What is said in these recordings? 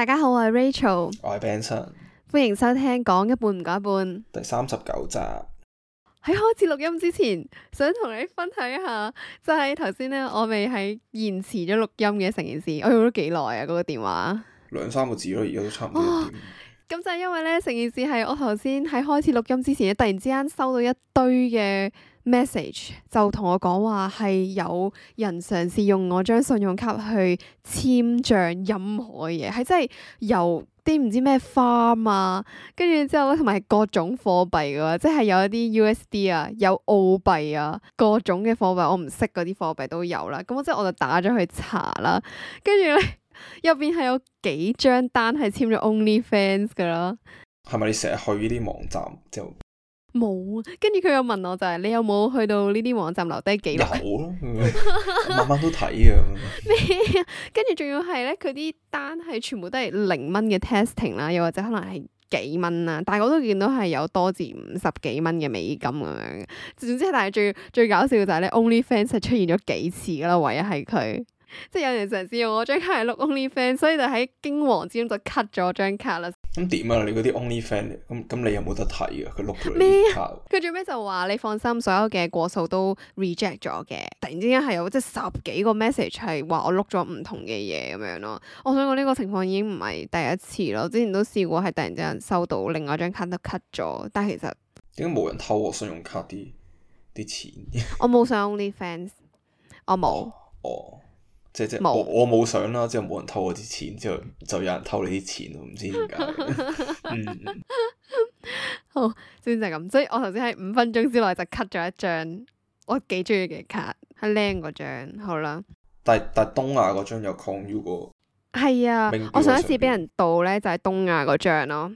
大家好，我係 Rachel，我係 Benson，歡迎收聽講一半唔講一半第三十九集。喺開始錄音之前，想同你分享一下，就係頭先咧，我未係延遲咗錄音嘅成件事，我用咗幾耐啊？嗰，那個電話兩三個字咯，而家都差唔多。咁，哦，就係因為咧，成件事係我頭先喺開始錄音之前，突然之間收到一堆嘅。Message 就同我講話係有人嘗試用我張信用卡去簽賬任何嘢，係真係有啲唔知咩 farm 啊，跟住之後咧，同埋各種貨幣噶，即係有一啲 USD 啊，有澳幣啊，各種嘅貨幣我唔識嗰啲貨幣都有啦。咁我即係我就打咗去查啦，跟住咧，入邊係有幾張單係簽咗 OnlyFans 噶咯。係咪你成日去呢啲網站就？冇啊！跟住佢又問我就係、是、你有冇去到呢啲網站留低記錄？慢慢都睇啊！咩啊？ 跟住仲要係咧，佢啲單係全部都係零蚊嘅 testing 啦，又或者可能係幾蚊啦，但係我都見到係有多至五十幾蚊嘅美金咁樣嘅。總之但係最最搞笑就係咧，OnlyFans 係出現咗幾次㗎喇，唯一係佢。即係有人嘗試用我張卡係碌 only fans，所以就喺驚惶之中就 cut 咗張卡啦。咁點啊？你嗰啲 only fans，咁咁你有冇得睇啊？佢碌咗啲咩啊？佢最尾就話你放心，所有嘅過數都 reject 咗嘅。突然之間係有即係十幾個 message 係話我碌咗唔同嘅嘢咁樣咯。我想講呢個情況已經唔係第一次咯，之前都試過係突然之間收到另外一張卡都 cut 咗，但係其實點解冇人偷我信用卡啲啲錢？ 我冇上 only fans，我冇。哦。Oh, oh. 即即我沒我冇想啦，之後冇人偷我啲錢，之後就有人偷你啲錢，唔知點解。嗯、 好，先就咁、是。所以我，我頭先喺五分鐘之內就 cut 咗一張我幾中意嘅卡，係靚嗰張。好啦，但但東亞嗰張有抗 o n u 係啊。我上,我上一次俾人盜咧，就係、是、東亞嗰張咯。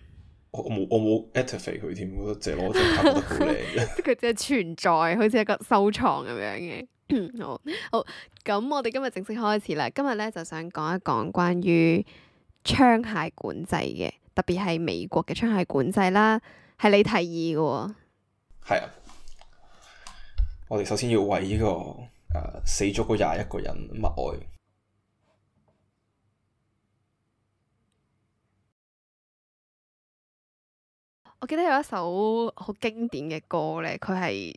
我冇我冇 activate 佢添，我覺得借攞就得嘅。佢只係存在，好似一個收藏咁樣嘅。好 好，咁我哋今日正式開始啦。今日咧就想講一講關於槍械管制嘅，特別係美國嘅槍械管制啦。係你提議嘅。哦，係啊。我哋首先要為呢、這個、呃、死咗嘅廿一個人默哀。我記得有一首好經典嘅歌咧，佢係。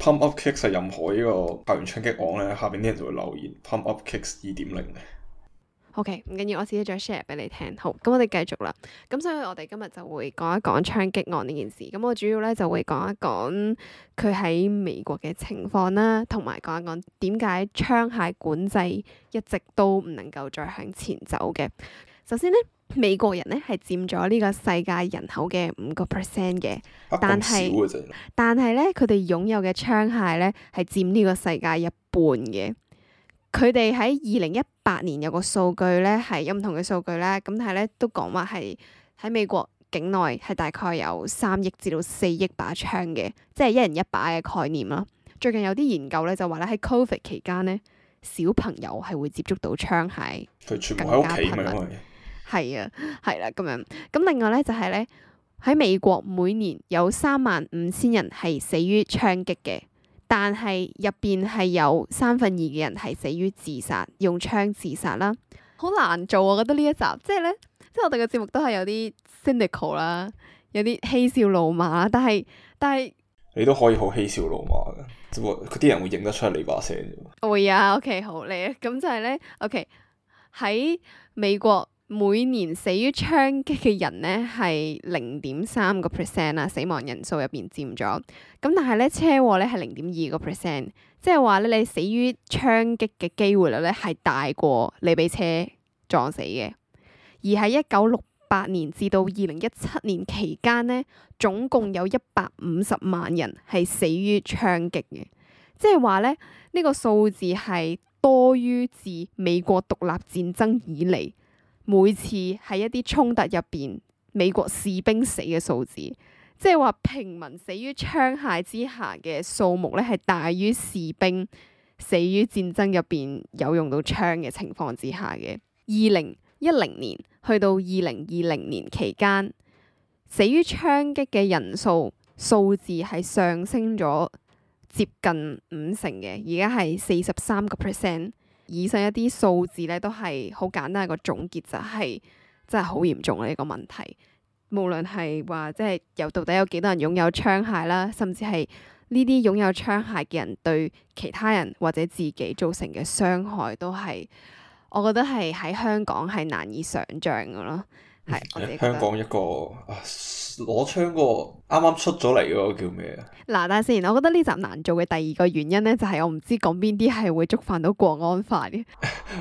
Pump up kicks 係任何個呢個爆完槍擊案咧，下邊啲人就會留言 Pump up kicks 二點零嘅。O K，唔緊要緊，我自己再 share 俾你聽。好，咁我哋繼續啦。咁所以我哋今日就會講一講槍擊案呢件事。咁我主要咧就會講一講佢喺美國嘅情況啦，同埋講一講點解槍械管制一直都唔能夠再向前走嘅。首先咧。美國人咧係佔咗呢個世界人口嘅五個 percent 嘅，啊、但係是但係咧佢哋擁有嘅槍械咧係占呢個世界一半嘅。佢哋喺二零一八年有個數據咧係有唔同嘅數據咧，咁但係咧都講話係喺美國境內係大概有三億至到四億把槍嘅，即係一人一把嘅概念啦。最近有啲研究咧就話咧喺 Covid 期間咧，小朋友係會接觸到槍械，更加頻密。係啊，係啦，咁樣咁。另外咧，就係咧喺美國，每年有三萬五千人係死於槍擊嘅，但係入邊係有三分二嘅人係死於自殺，用槍自殺啦。好難做，我覺得呢一集即係咧，即係我哋嘅節目都係有啲 cynical 啦，有啲嬉笑怒罵。但係但係你都可以好嬉笑怒罵嘅，只不過佢啲人會影得出你把聲啫。會啊，OK，好嚟啊，咁就係咧，OK 喺美國。每年死於槍擊嘅人咧，係零點三個 percent 啦，死亡人數入邊佔咗咁。但係咧，車禍咧係零點二個 percent，即係話咧，你死於槍擊嘅機會率咧係大過你俾車撞死嘅。而喺一九六八年至到二零一七年期間咧，總共有一百五十萬人係死於槍擊嘅，即係話咧呢個數字係多於自美國獨立戰爭以嚟。每次喺一啲衝突入邊美國士兵死嘅數字，即係話平民死於槍械之下嘅數目咧，係大於士兵死於戰爭入邊有用到槍嘅情況之下嘅。二零一零年去到二零二零年期間，死於槍擊嘅人數數字，係上升咗接近五成嘅，而家係四十三個 percent。以上一啲數字咧，都係好簡單一個總結，就係，就係真係好嚴重啦呢個問題。無論係話即係有到底有幾多人擁有槍械啦，甚至係呢啲擁有槍械嘅人對其他人或者自己造成嘅傷害都，都係我覺得係喺香港係難以想像嘅咯。係香港一個攞槍個啱啱出咗嚟嗰個叫咩啊？嗱，但係雖然我覺得呢集難做嘅第二個原因咧，就係、是、我唔知講邊啲係會觸犯到國安法嘅。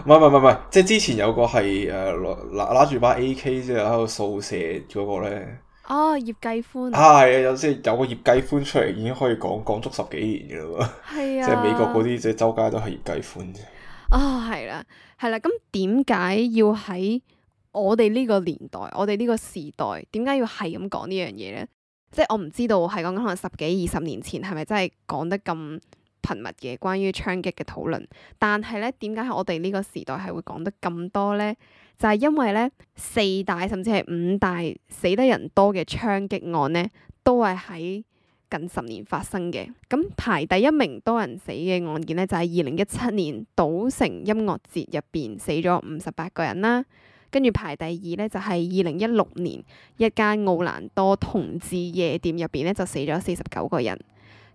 唔係唔係唔係，即係之前有個係誒攞拉住把 A K 即係喺度掃射嗰、那個咧。哦，葉繼歡啊，係啊，有即係有個葉繼歡出嚟已經可以講講足十幾年噶啦。係啊，即係美國嗰啲即係周街都係葉繼歡啫。哦，係啦，係啦，咁點解要喺？我哋呢個年代，我哋呢個時代，點解要係咁講呢樣嘢咧？即係我唔知道講講，係講緊可能十幾二十年前係咪真係講得咁頻密嘅關於槍擊嘅討論？但係咧，點解係我哋呢個時代係會講得咁多咧？就係、是、因為咧四大甚至係五大死得人多嘅槍擊案咧，都係喺近十年發生嘅。咁排第一名多人死嘅案件咧，就係二零一七年賭城音樂節入邊死咗五十八個人啦。跟住排第二咧，就係二零一六年一間奧蘭多同志夜店入邊咧，就死咗四十九個人。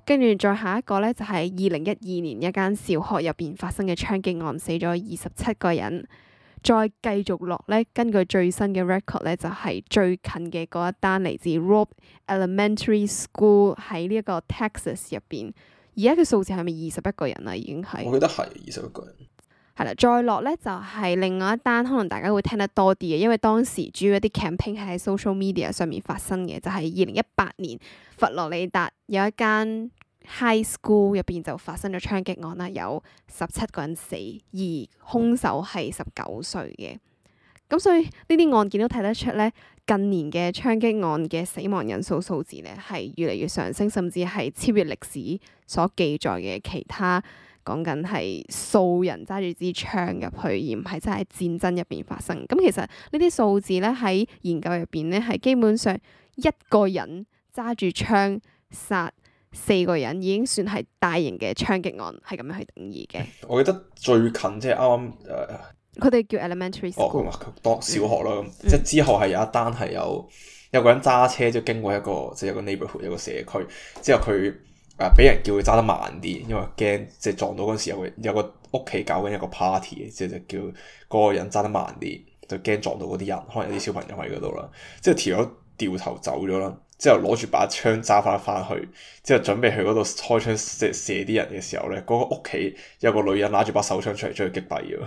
跟住再下一個咧，就係二零一二年一間小學入邊發生嘅槍擊案，死咗二十七個人。再繼續落咧，根據最新嘅 record 咧，就係最近嘅嗰一單嚟自 Rob Elementary School 喺呢一個 Texas 入邊，而家嘅數字係咪二十一個人啊？已經係，我覺得係二十一個人。係啦，再落咧就係另外一單，可能大家會聽得多啲嘅，因為當時主要一啲 campaign 係喺 social media 上面發生嘅，就係二零一八年佛羅里達有一間 high school 入邊就發生咗槍擊案啦，有十七個人死，而兇手係十九歲嘅。咁所以呢啲案件都睇得出咧，近年嘅槍擊案嘅死亡人數數字咧係越嚟越上升，甚至係超越歷史所記載嘅其他。講緊係數人揸住支槍入去，而唔係真係戰爭入邊發生。咁其實呢啲數字咧喺研究入邊咧，係基本上一個人揸住槍殺四個人已經算係大型嘅槍擊案，係咁樣去定義嘅。我記得最近即係啱啱誒，佢、呃、哋叫 Elementary School，當、哦、小學啦。咁 即係之後係有一單係有有個人揸車就係、是、經過一個即係、就是、一個 neighborhood 一個社區之後佢。啊！俾人叫佢揸得慢啲，因為驚即係撞到嗰陣時有個有個屋企搞緊一個 party，之後就係、叫嗰個人揸得慢啲，就驚撞到嗰啲人，可能有啲小朋友喺嗰度啦。即係調咗掉頭走咗啦，之後攞住把槍揸翻翻去，之後準備去嗰度開槍，即係射啲人嘅時候咧，嗰、嗰個屋企有個女人拿住把手槍出嚟將佢擊斃咗。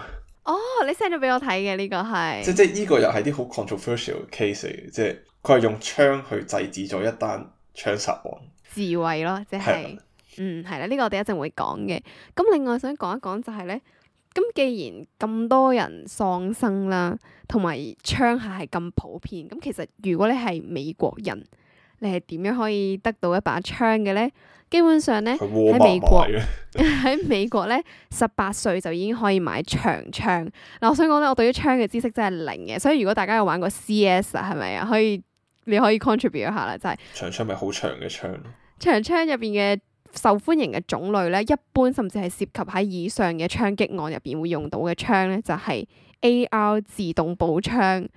哦、oh，你 send 咗俾我睇嘅呢個係即係即係呢個又係啲好 controversial case 嘅，即係佢係用槍去制止咗一單槍殺案。智慧咯，即係，的嗯，係啦，呢、這個我哋一定會講嘅。咁另外想講一講就係、是、咧，咁既然咁多人喪生啦，同埋槍械係咁普遍，咁其實如果你係美國人，你係點樣可以得到一把槍嘅咧？基本上咧喺窩美國，喺是的 美國咧十八歲就已經可以買長槍。嗱、呃，我想講咧，我對於槍嘅知識真係零嘅，所以如果大家有玩過 CS 啊，係咪啊，可以你可以 contribute 一下啦，真係，長槍咪好長嘅槍咯。長槍入邊嘅受歡迎嘅種類咧，一般甚至係涉及喺以上嘅槍擊案入邊會用到嘅槍咧，就係 A.R. 自動步槍。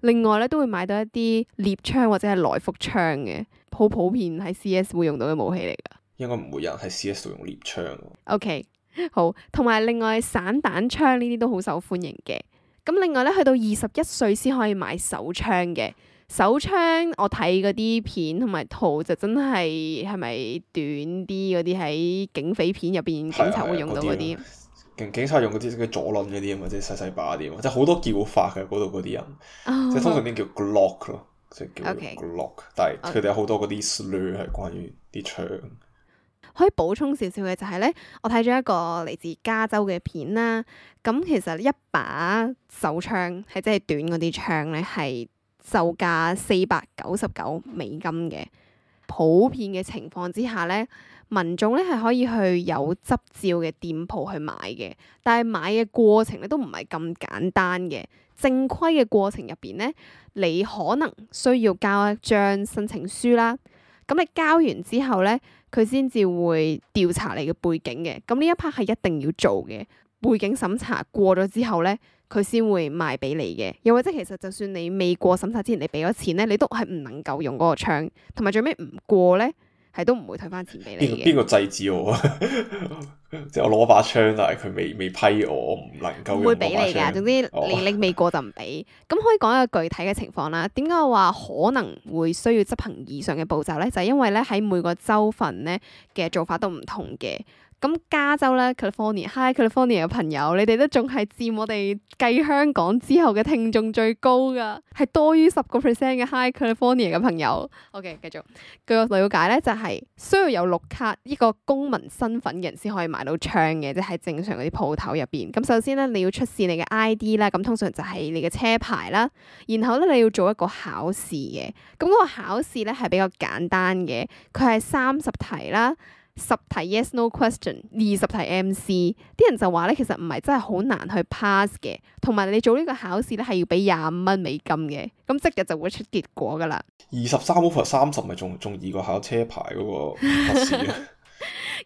另外咧，都會買到一啲獵槍或者係來福槍嘅，好普遍喺 C.S. 會用到嘅武器嚟㗎。應該唔會有人喺 C.S. 度用獵槍。O.K. 好，同埋另外散彈槍呢啲都好受歡迎嘅。咁另外咧，去到二十一歲先可以買手槍嘅。手槍，我睇嗰啲片同埋圖就真係係咪短啲嗰啲喺警匪片入邊，警察會用到嗰啲警警察用嗰啲嘅左輪嗰啲啊嘛，即係細細把啲啊，即係好多叫法嘅嗰度嗰啲人，哦、即係通常啲叫 Glock 咯、哦，即係叫 Glock，okay, 但係佢哋有好多嗰啲 slur 係關於啲槍。Okay, okay. 可以補充少少嘅就係咧，我睇咗一個嚟自加州嘅片啦。咁其實一把手槍係即係短嗰啲槍咧，係。售價四百九十九美金嘅，普遍嘅情況之下咧，民眾咧係可以去有執照嘅店鋪去買嘅，但係買嘅過程咧都唔係咁簡單嘅。正規嘅過程入邊咧，你可能需要交一張申請書啦。咁你交完之後咧，佢先至會調查你嘅背景嘅。咁呢一 part 係一定要做嘅，背景審查過咗之後咧。佢先會賣俾你嘅，又或者其實就算你未過審查之前，你俾咗錢咧，你都係唔能夠用嗰個槍，同埋最尾唔過咧，係都唔會退翻錢俾你嘅。邊個制止我啊？ 即係我攞把槍，但係佢未未批我，唔能夠用。唔會俾你㗎，總之你、哦、你未過就唔俾。咁可以講一個具體嘅情況啦。點解我話可能會需要執行以上嘅步驟咧？就係、是、因為咧喺每個州份咧嘅做法都唔同嘅。咁加州咧 California，Hi California 嘅 California 朋友，你哋都仲係佔我哋繼香港之後嘅聽眾最高噶，係多於十個 percent 嘅 High California 嘅朋友。OK，繼續。據我了解咧，就係、是、需要有綠卡依個公民身份嘅人先可以買到槍嘅，即、就、係、是、正常嗰啲鋪頭入邊。咁首先咧，你要出示你嘅 ID 啦，咁通常就係你嘅車牌啦。然後咧，你要做一個考試嘅。咁、那、嗰個考試咧係比較簡單嘅，佢係三十題啦。十題 yes no question，二十題 MC，啲人就話咧，其實唔係真係好難去 pass 嘅，同埋你做呢個考試咧係要俾廿五蚊美金嘅，咁即日就會出結果噶啦。二十三 o f 三十，咪仲仲易過考車牌嗰個考試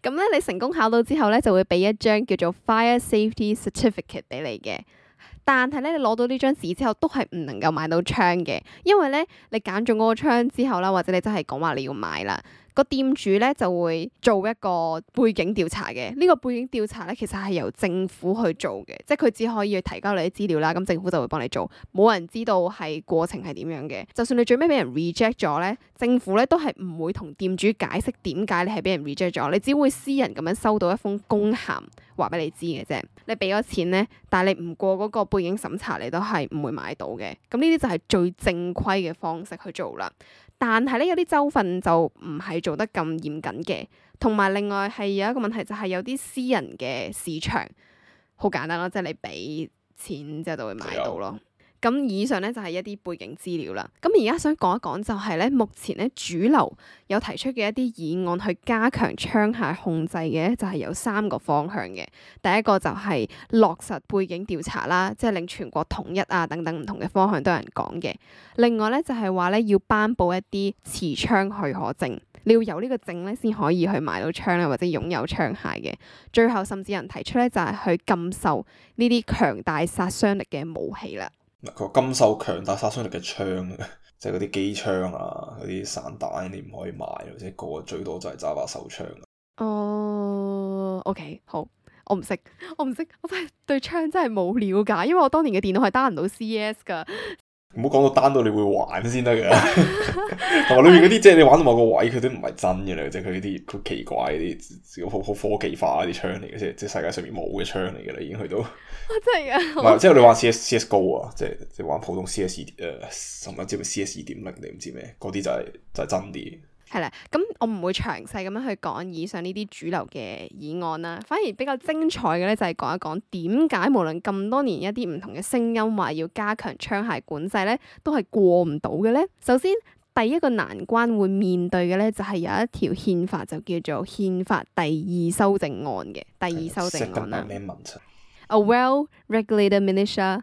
咁。咧你成功考到之後咧，就會俾一張叫做 Fire Safety Certificate 俾你嘅，但係咧你攞到呢張紙之後，都係唔能夠買到槍嘅，因為咧你揀中嗰個槍之後啦，或者你真係講話你要買啦。個店主咧就會做一個背景調查嘅，呢個背景調查咧其實係由政府去做嘅，即係佢只可以去提交你啲資料啦，咁政府就會幫你做，冇人知道係過程係點樣嘅。就算你最尾俾人 reject 咗咧，政府咧都係唔會同店主解釋點解你係俾人 reject 咗，你只會私人咁樣收到一封公函，話俾你知嘅啫。你俾咗錢咧，但係你唔過嗰個背景審查，你都係唔會買到嘅。咁呢啲就係最正規嘅方式去做啦。但係咧，有啲州份就唔係做得咁嚴謹嘅，同埋另外係有一個問題，就係有啲私人嘅市場，好簡單咯，即係你俾錢之後就會買到咯。咁以上咧就係一啲背景資料啦。咁而家想講一講就係咧，目前咧主流有提出嘅一啲議案去加強槍械控制嘅，就係有三個方向嘅。第一個就係落實背景調查啦，即係令全國統一啊等等唔同嘅方向都有人講嘅。另外咧就係話咧要頒佈一啲持槍許可證，你要有呢個證咧先可以去買到槍咧或者擁有槍械嘅。最後甚至有人提出咧就係去禁售呢啲強大殺傷力嘅武器啦。佢金手強大殺傷力嘅槍，即係嗰啲機槍啊，嗰啲散彈你唔可以買，或者、嗰個最多就係揸把手槍，啊。哦、uh，OK，好，我唔識，我唔識，我真係對槍真係冇了解，因為我當年嘅電腦係打唔到 CS 㗎。唔好講到單到你會玩先得噶同埋 裏面嗰啲即係你玩到某個位，佢都唔係真嘅啦，即係佢啲好奇怪啲好好科技化啲槍嚟嘅，即係即係世界上面冇嘅槍嚟嘅啦，已經去到，真係噶， 唔係即係你玩 C S C S Go 啊，即係即係玩普通 C S 二、呃，甚至乎 C S 二點零，你唔知咩？嗰啲就係就係真啲。係啦，咁我唔會詳細咁樣去講以上呢啲主流嘅議案啦，反而比較精彩嘅咧就係講一講點解無論咁多年一啲唔同嘅聲音話要加強槍械管制咧，都係過唔到嘅咧。首先第一個難關會面對嘅咧就係、是、有一條憲法就叫做憲法第二修正案嘅第二修正案啦。問問 A well regulated militia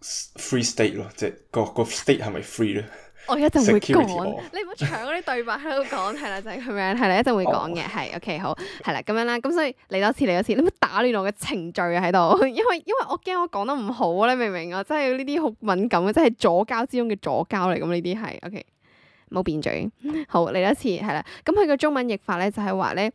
Free state 咯，即係個個 state 係咪 free 咧？我一定會講 Security 我，你唔好搶嗰啲對白喺度講，係啦，就係、是、咁樣，係啦，一定會講嘅，係 O K，好係啦，咁樣啦，咁所以嚟多次嚟多次，你唔好打亂我嘅程序啊喺度，因為因為我驚我講得唔好啊。你明唔明啊？即係呢啲好敏感啊，即係左膠之中嘅左膠嚟，咁呢啲係 O K，冇辯嘴，好嚟多次，係啦，咁佢嘅中文譯法咧就係話咧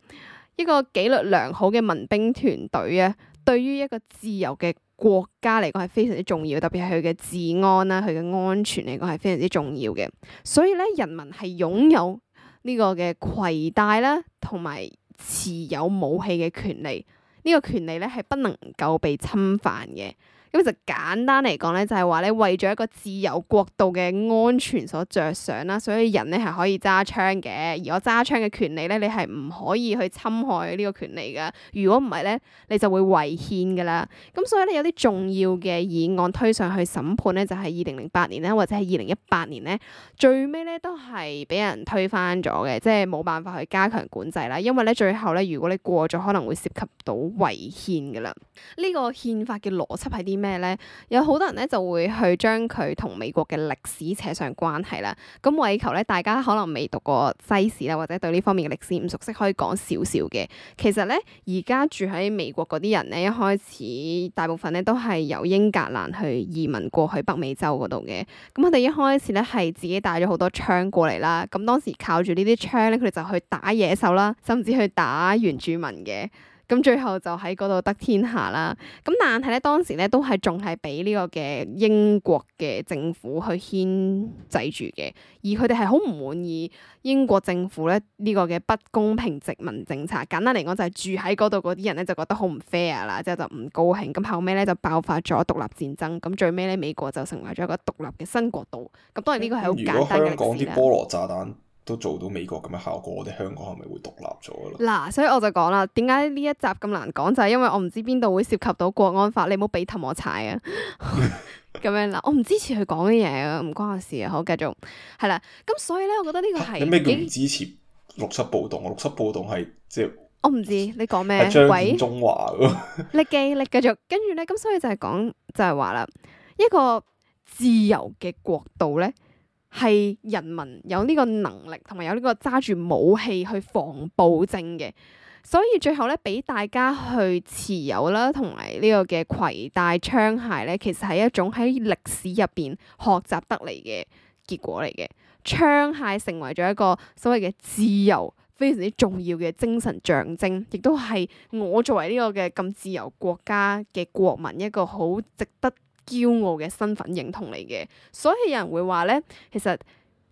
一個紀律良好嘅民兵團隊啊，對於一個自由嘅。國家嚟講係非常之重要，特別係佢嘅治安啦，佢嘅安全嚟講係非常之重要嘅。所以咧，人民係擁有呢個嘅攜帶啦，同埋持有武器嘅權利，呢、這個權利咧係不能夠被侵犯嘅。咁就簡單嚟講咧，就係話咧為咗一個自由國度嘅安全所着想啦，所以人咧係可以揸槍嘅，而我揸槍嘅權利咧，你係唔可以去侵害呢個權利噶。如果唔係咧，你就會違憲噶啦。咁所以咧，有啲重要嘅議案推上去審判咧，就係二零零八年咧，或者係二零一八年咧，最尾咧都係俾人推翻咗嘅，即係冇辦法去加強管制啦。因為咧最後咧，如果你過咗，可能會涉及到違憲噶啦。呢個憲法嘅邏輯係點？咩咧？有好多人咧就會去將佢同美國嘅歷史扯上關係啦。咁為求咧，大家可能未讀過西史啦，或者對呢方面嘅歷史唔熟悉，可以講少少嘅。其實咧，而家住喺美國嗰啲人咧，一開始大部分咧都係由英格蘭去移民過去北美洲嗰度嘅。咁佢哋一開始咧係自己帶咗好多槍過嚟啦。咁當時靠住呢啲槍咧，佢哋就去打野獸啦，甚至去打原住民嘅。咁最後就喺嗰度得天下啦。咁但係咧，當時咧都係仲係俾呢個嘅英國嘅政府去牽制住嘅，而佢哋係好唔滿意英國政府咧呢個嘅不公平殖民政策。簡單嚟講，就係住喺嗰度嗰啲人咧就覺得好唔 fair 啦，之後就唔高興。咁後尾咧就爆發咗獨立戰爭。咁最尾咧美國就成為咗一個獨立嘅新國度。咁當然呢個係好簡單嘅歷史嚟嘅。如果香港啲菠蘿炸彈都做到美國咁嘅效果，我哋香港係咪會獨立咗咯？嗱、啊，所以我就講啦，點解呢一集咁難講就係、係、因為我唔知邊度會涉及到國安法，你唔好俾氹我踩啊！咁 樣啦，我唔支持佢講嘅嘢啊，唔關我事啊，好繼續係啦。咁所以咧，我覺得呢個係咩叫唔支持六七暴動啊？嗯、六七暴動係即係我唔知你講咩？喂，中華啊鬼！ 你記，你繼續跟住咧，咁所以就係講就係話啦，一個自由嘅國度咧。係人民有呢個能力同埋有呢個揸住武器去防暴政嘅，所以最後咧俾大家去持有啦同埋呢個嘅攜帶槍械咧，其實係一種喺歷史入邊學習得嚟嘅結果嚟嘅。槍械成為咗一個所謂嘅自由非常之重要嘅精神象徵，亦都係我作為呢個嘅咁自由國家嘅國民一個好值得驕傲嘅身份認同嚟嘅，所以有人會話咧，其實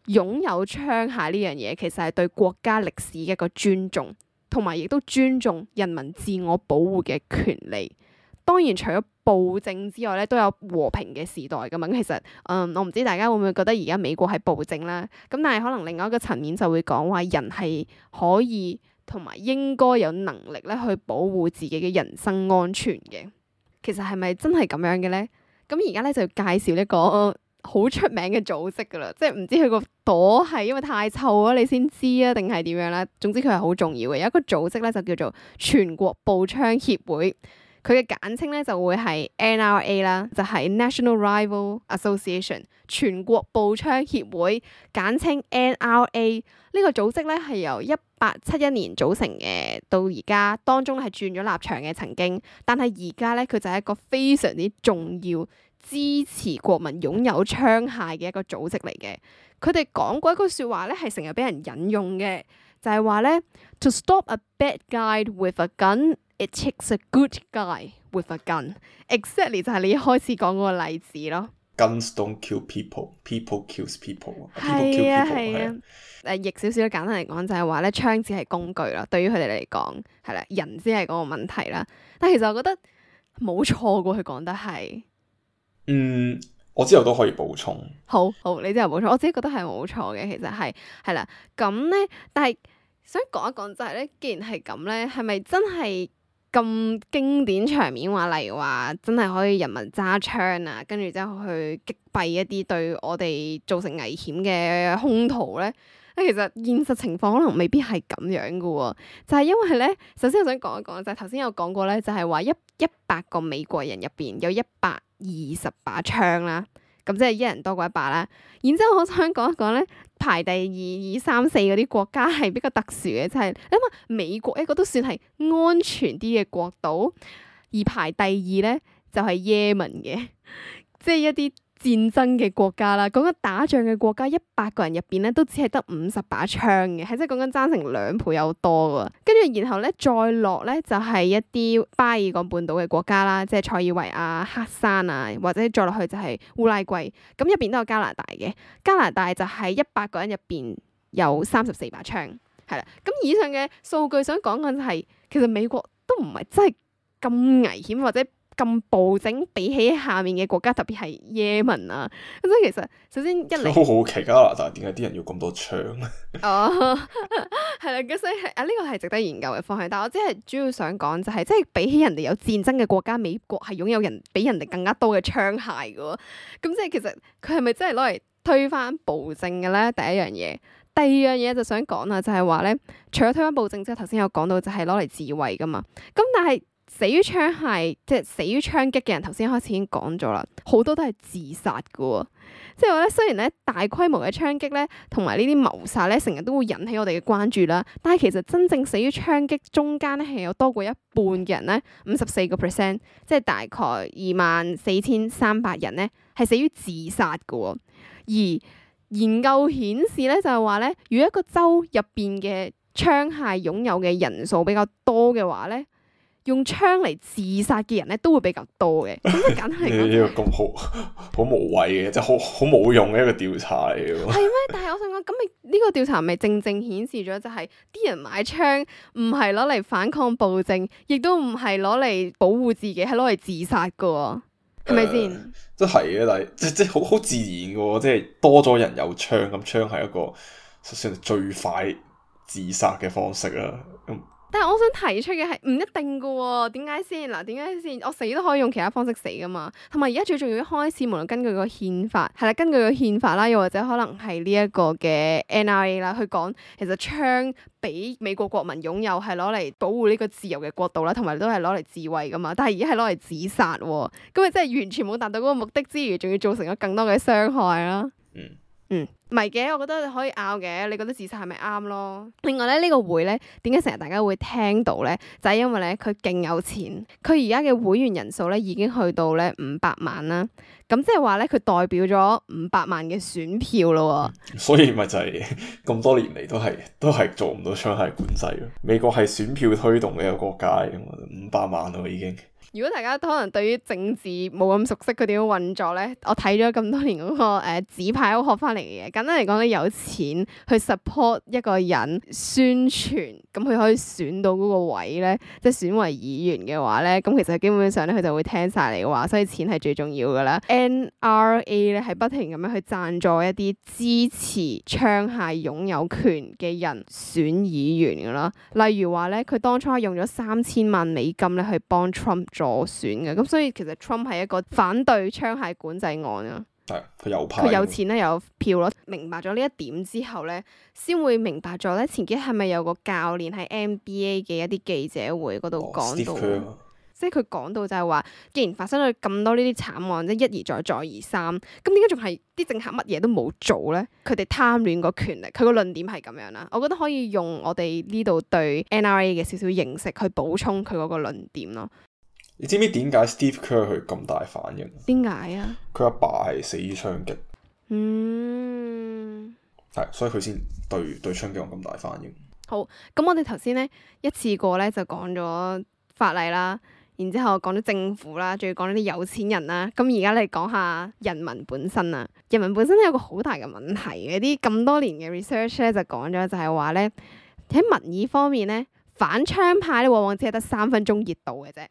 擁有槍械呢樣嘢，其實係對國家歷史嘅一個尊重，同埋亦都尊重人民自我保護嘅權利。當然，除咗暴政之外咧，都有和平嘅時代咁啊。其實，嗯，我唔知大家會唔會覺得而家美國係暴政啦？咁但係可能另外一個層面就會講話人係可以同埋應該有能力咧去保護自己嘅人身安全嘅。其實係咪真係咁樣嘅咧？咁而家咧就介紹一個好出名嘅組織噶啦，即係唔知佢個朵係因為太臭啊，你先知啊，定係點樣啦？總之佢係好重要嘅，有一個組織咧就叫做全國步槍協會。佢嘅簡稱咧就會係 NRA 啦，就係、是、National Rifle Association，全國步槍協會，簡稱 NRA。呢、這個組織咧係由一八七一年組成嘅，到而家當中係轉咗立場嘅曾經，但係而家咧佢就係一個非常之重要支持國民擁有槍械嘅一個組織嚟嘅。佢哋講過一句説話咧，係成日俾人引用嘅，就係話咧：To stop a bad guy with a gun。It takes a good guy with a gun。Exactly 就係你一開始講嗰個例子咯。Guns don't kill people, people kills people。people kills 係啊，係啊。誒、啊，易少少簡單嚟講就係話咧，槍只係工具啦，對於佢哋嚟講係啦，人先係嗰個問題啦。但係其實我覺得冇錯，佢講得係。嗯，我之後都可以補充。好，好，你之後補充。我自己覺得係冇錯嘅。其實係係啦，咁咧，但係想講一講就係、是、咧，既然係咁咧，係咪真係？咁經典場面話，例如話真係可以人民揸槍啊，跟住之後去擊斃一啲對我哋造成危險嘅兇徒咧。啊，其實現實情況可能未必係咁樣噶喎，就係因為咧，首先我想講一講，就係頭先有講過咧，就係話一一百個美國人入邊有一百二十把槍啦，咁即係一人多過一把啦。然之後我想講一講咧。排第二二三四嗰啲國家係比較特殊嘅，就係你諗下美國一個都算係安全啲嘅國度，而排第二咧就係、是、耶門嘅，即係一啲。戰爭嘅國家啦，講緊打仗嘅國家，一百個人入邊咧都只係得五十把槍嘅，係真係講緊爭成兩倍有多噶。跟住然後咧再落咧就係一啲巴爾干半島嘅國家啦，即係塞爾維亞、黑山啊，或者再落去就係烏拉圭。咁入邊都有加拿大嘅，加拿大就係一百個人入邊有三十四把槍。係啦，咁以上嘅數據想講嘅就係，其實美國都唔係真係咁危險或者。咁暴政比起下面嘅國家，特別係也門啊，咁所以其實首先一嚟好好奇加拿大點解啲人要咁多槍？哦，係 啦，咁所以啊呢、這個係值得研究嘅方向，但我只係主要想講就係、是，即係比起人哋有戰爭嘅國家，美國係擁有人比人哋更加多嘅槍械嘅，咁、嗯、即係其實佢係咪真係攞嚟推翻暴政嘅咧？第一樣嘢，第二樣嘢就想講啦，就係話咧，除咗推翻暴政之外，頭先有講到就係攞嚟自衛噶嘛，咁但係。死於槍械即係死於槍擊嘅人，頭先開始已經講咗啦，好多都係自殺㗎喎。即係話咧，雖然咧大規模嘅槍擊咧，同埋呢啲謀殺咧，成日都會引起我哋嘅關注啦。但係其實真正死於槍擊中間咧，係有多過一半嘅人咧，五十四個 percent，即係大概二萬四千三百人咧，係死於自殺㗎喎。而研究顯示咧，就係話咧，如果一個州入邊嘅槍械擁有嘅人數比較多嘅話咧。用槍嚟自殺嘅人咧都會比較多嘅，咁啊梗係呢個咁好好無謂嘅，即係好好冇用嘅一個調查嚟嘅。係 咩？但係我想講，咁你呢個調查咪正正顯示咗，就係啲人買槍唔係攞嚟反抗暴政，亦都唔係攞嚟保護自己，係攞嚟自殺嘅，係咪先？即係嘅，但係即即係好好自然嘅，即係多咗人有槍，咁槍係一個實算係最快自殺嘅方式啦。但係我想提出嘅係唔一定嘅喎，點解先？嗱，點解先？我死都可以用其他方式死噶嘛，同埋而家最重要一開始，無論根據個憲法，係啦，根據個憲法啦，又或者可能係呢一個嘅 NRA 啦，去講其實槍俾美國國民擁有係攞嚟保護呢個自由嘅國度啦，同埋都係攞嚟自衛噶嘛，但係而家係攞嚟自殺喎，咁咪真係完全冇達到嗰個目的之餘，仲要造成咗更多嘅傷害啦。嗯。嗯，唔係嘅，我覺得你可以拗嘅，你覺得自殺係咪啱咯？另外咧，呢、這個會咧，點解成日大家會聽到咧？就係、是、因為咧，佢勁有錢，佢而家嘅會員人數咧已經去到咧五百萬啦。咁即係話咧，佢代表咗五百萬嘅選票咯。所以咪就係、是、咁多年嚟都係都係做唔到槍械管制咯。美國係選票推動嘅一個國家，五百萬咯已經。如果大家可能對於政治冇咁熟悉，佢點樣運作咧？我睇咗咁多年嗰個，誒，呃，紙牌屋學翻嚟嘅嘢，簡單嚟講咧，有錢去 support 一個人宣傳，咁佢可以選到嗰個位咧，即係選為議員嘅話咧，咁其實基本上咧佢就會聽晒你嘅話，所以錢係最重要㗎啦。NRA 咧係不停咁樣去贊助一啲支持槍械擁有權嘅人選議員㗎啦，例如話咧，佢當初係用咗三千萬美金咧去幫 Trump。落選嘅咁，所以其實 Trump 係一個反對槍械管制案啊。係佢有佢有錢咧，有票咯。明白咗呢一點之後咧，先會明白咗咧。前幾日係咪有個教練喺 NBA 嘅一啲記者會嗰度講到，即係佢講到就係話，既然發生咗咁多呢啲慘案，即係一而再，再而三，咁點解仲係啲政客乜嘢都冇做咧？佢哋貪戀個權力。佢個論點係咁樣啦。我覺得可以用我哋呢度對 NRA 嘅少少認識去補充佢嗰個論點咯。你知唔知點解 Steve Kerr 佢咁大反應？點解啊？佢阿爸係死於槍擊。嗯，係，所以佢先對對槍擊咁大反應。好，咁我哋頭先咧一次過咧就講咗法例啦，然之後講咗政府啦，仲要講啲有錢人啦。咁而家嚟講下人民本身啊，人民本身咧有個好大嘅問題，嗰啲咁多年嘅 research 咧就講咗就係話咧喺民意方面咧反槍派咧往往只係得三分鐘熱度嘅啫。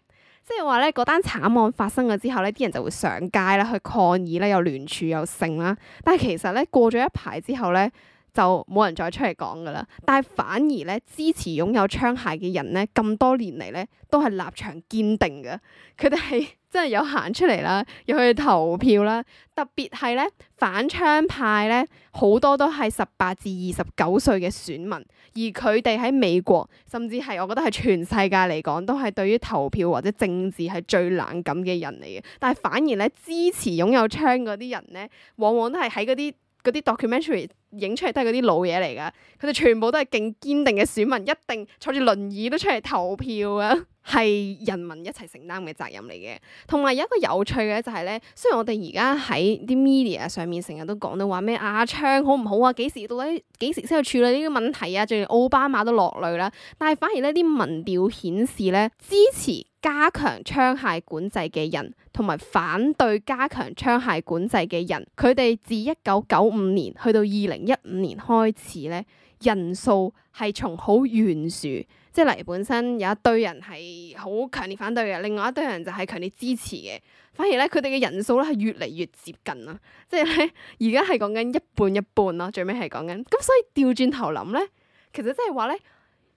即係話咧，嗰單慘案發生咗之後咧，啲人就會上街啦，去抗議啦，又聯署又勝啦。但係其實咧，過咗一排之後咧，就冇人再出嚟講噶啦。但係反而咧，支持擁有槍械嘅人咧，咁多年嚟咧，都係立場堅定噶，佢哋係。.真係有行出嚟啦，有去投票啦。特別係咧，反槍派咧，好多都係十八至二十九歲嘅選民，而佢哋喺美國，甚至係我覺得係全世界嚟講，都係對於投票或者政治係最冷感嘅人嚟嘅。但係反而咧，支持擁有槍嗰啲人咧，往往都係喺嗰啲。嗰啲 documentary 影出嚟都係嗰啲老嘢嚟噶，佢哋全部都係勁堅定嘅選民，一定坐住輪椅都出嚟投票啊，係 人民一齊承擔嘅責任嚟嘅。同埋有一個有趣嘅就係、是、咧，雖然我哋而家喺啲 media 上面成日都講到話咩阿槍好唔好啊，幾時到底幾時先去處理呢啲問題啊，仲要奧巴馬都落淚啦，但係反而咧啲民調顯示咧支持。加強槍械管制嘅人，同埋反對加強槍械管制嘅人，佢哋自一九九五年去到二零一五年開始咧，人數係從好懸殊，即係例如本身有一堆人係好強烈反對嘅，另外一堆人就係強烈支持嘅，反而咧佢哋嘅人數咧係越嚟越接近啦，即係咧而家係講緊一半一半啦，最尾係講緊，咁所以調轉頭諗咧，其實即係話咧。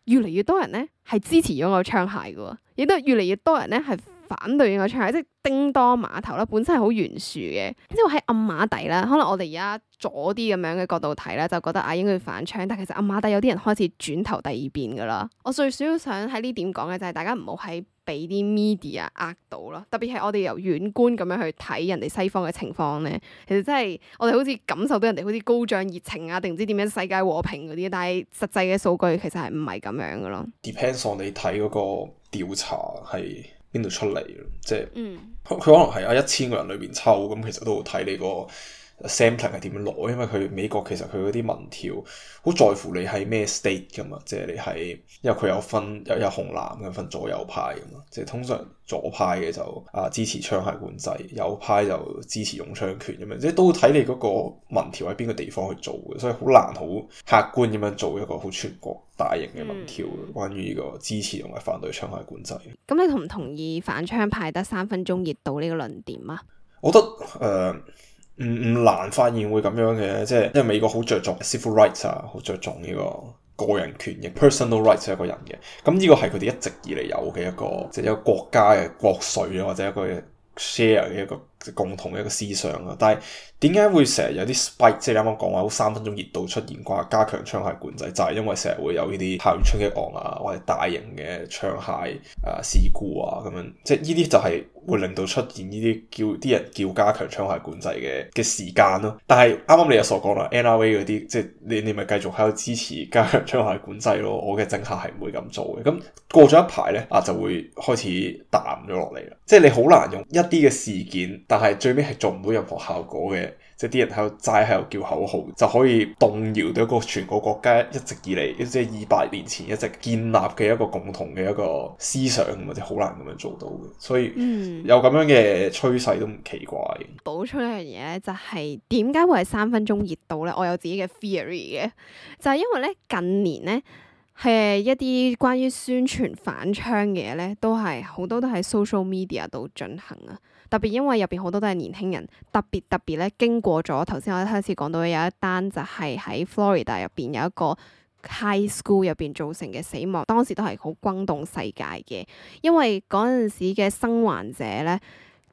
越嚟越多人咧係支持咗個槍械嘅，亦都越嚟越多人咧係反對個槍械。即叮噹碼頭啦，本身係好懸殊嘅，即係喺暗碼底啦。可能我哋而家左啲咁樣嘅角度睇咧，就覺得啊應該要反槍，但其實暗碼底有啲人開始轉頭第二邊嘅啦。我最少想喺呢點講嘅就係大家唔好喺，俾啲 media 呃到咯，特別係我哋由遠觀咁樣去睇人哋西方嘅情況咧，其實真係我哋好似感受到人哋好似高漲熱情啊，定唔知點樣世界和平嗰啲，但係實際嘅數據其實係唔係咁樣嘅咯。Depends on 你睇嗰個調查係邊度出嚟，即係，佢佢可能係啊一千個人裏邊抽咁，其實都會睇你個 sampling 係點樣攞？因為佢美國其實佢嗰啲民調好在乎你係咩 state 㗎嘛，即係你係因為佢有分有有紅藍嘅分左右派㗎嘛，即係通常左派嘅就啊支持槍械管制，右派就支持用槍權咁樣，即係都睇你嗰個民調喺邊個地方去做嘅，所以好難好客觀咁樣做一個好全國大型嘅民調，關於呢個支持同埋反對槍械管制。咁你同唔同意反槍派得三分鐘熱度呢個論點啊？我覺得誒。呃唔唔難發現會咁樣嘅，即係即係美國好着重 civil rights 啊，好着重呢個個人權益 personal rights 一個人嘅，咁呢個係佢哋一直以嚟有嘅一個，即係一個國家嘅國稅啊，或者一個 share 嘅一個。共同嘅一個思想啊，但係點解會成日有啲 spike 即係你啱啱講話好三分鐘熱度出現啩加強槍械管制，就係、是、因為成日會有呢啲校園槍擊案啊，或者大型嘅槍械啊、呃、事故啊咁樣，即係呢啲就係會令到出現呢啲叫啲人叫加強槍械管制嘅嘅時間咯。但係啱啱你又所講啦 NRA 嗰啲，即係你你咪繼續喺度支持加強槍械管制咯。我嘅政策係唔會咁做嘅。咁過咗一排咧啊，就會開始淡咗落嚟啦。即係你好難用一啲嘅事件。但係最尾係做唔到任何效果嘅，即係啲人喺度齋喺度叫口號，就可以動搖到一個全國國家一直以嚟，即係二百年前一直建立嘅一個共同嘅一個思想，或者好難咁樣做到嘅。所以有咁樣嘅趨勢都唔奇怪。嗯、補充一樣嘢咧，就係點解會係三分鐘熱度咧？我有自己嘅 theory 嘅，就係、是、因為咧近年咧係一啲關於宣傳反槍嘅嘢咧，都係好多都喺 social media 度進行啊。特別因為入邊好多都係年輕人，特別特別咧經過咗頭先我一開始講到有一單就係喺 Florida 入邊有一個 high school 入邊造成嘅死亡，當時都係好轟動世界嘅，因為嗰陣時嘅生還者咧。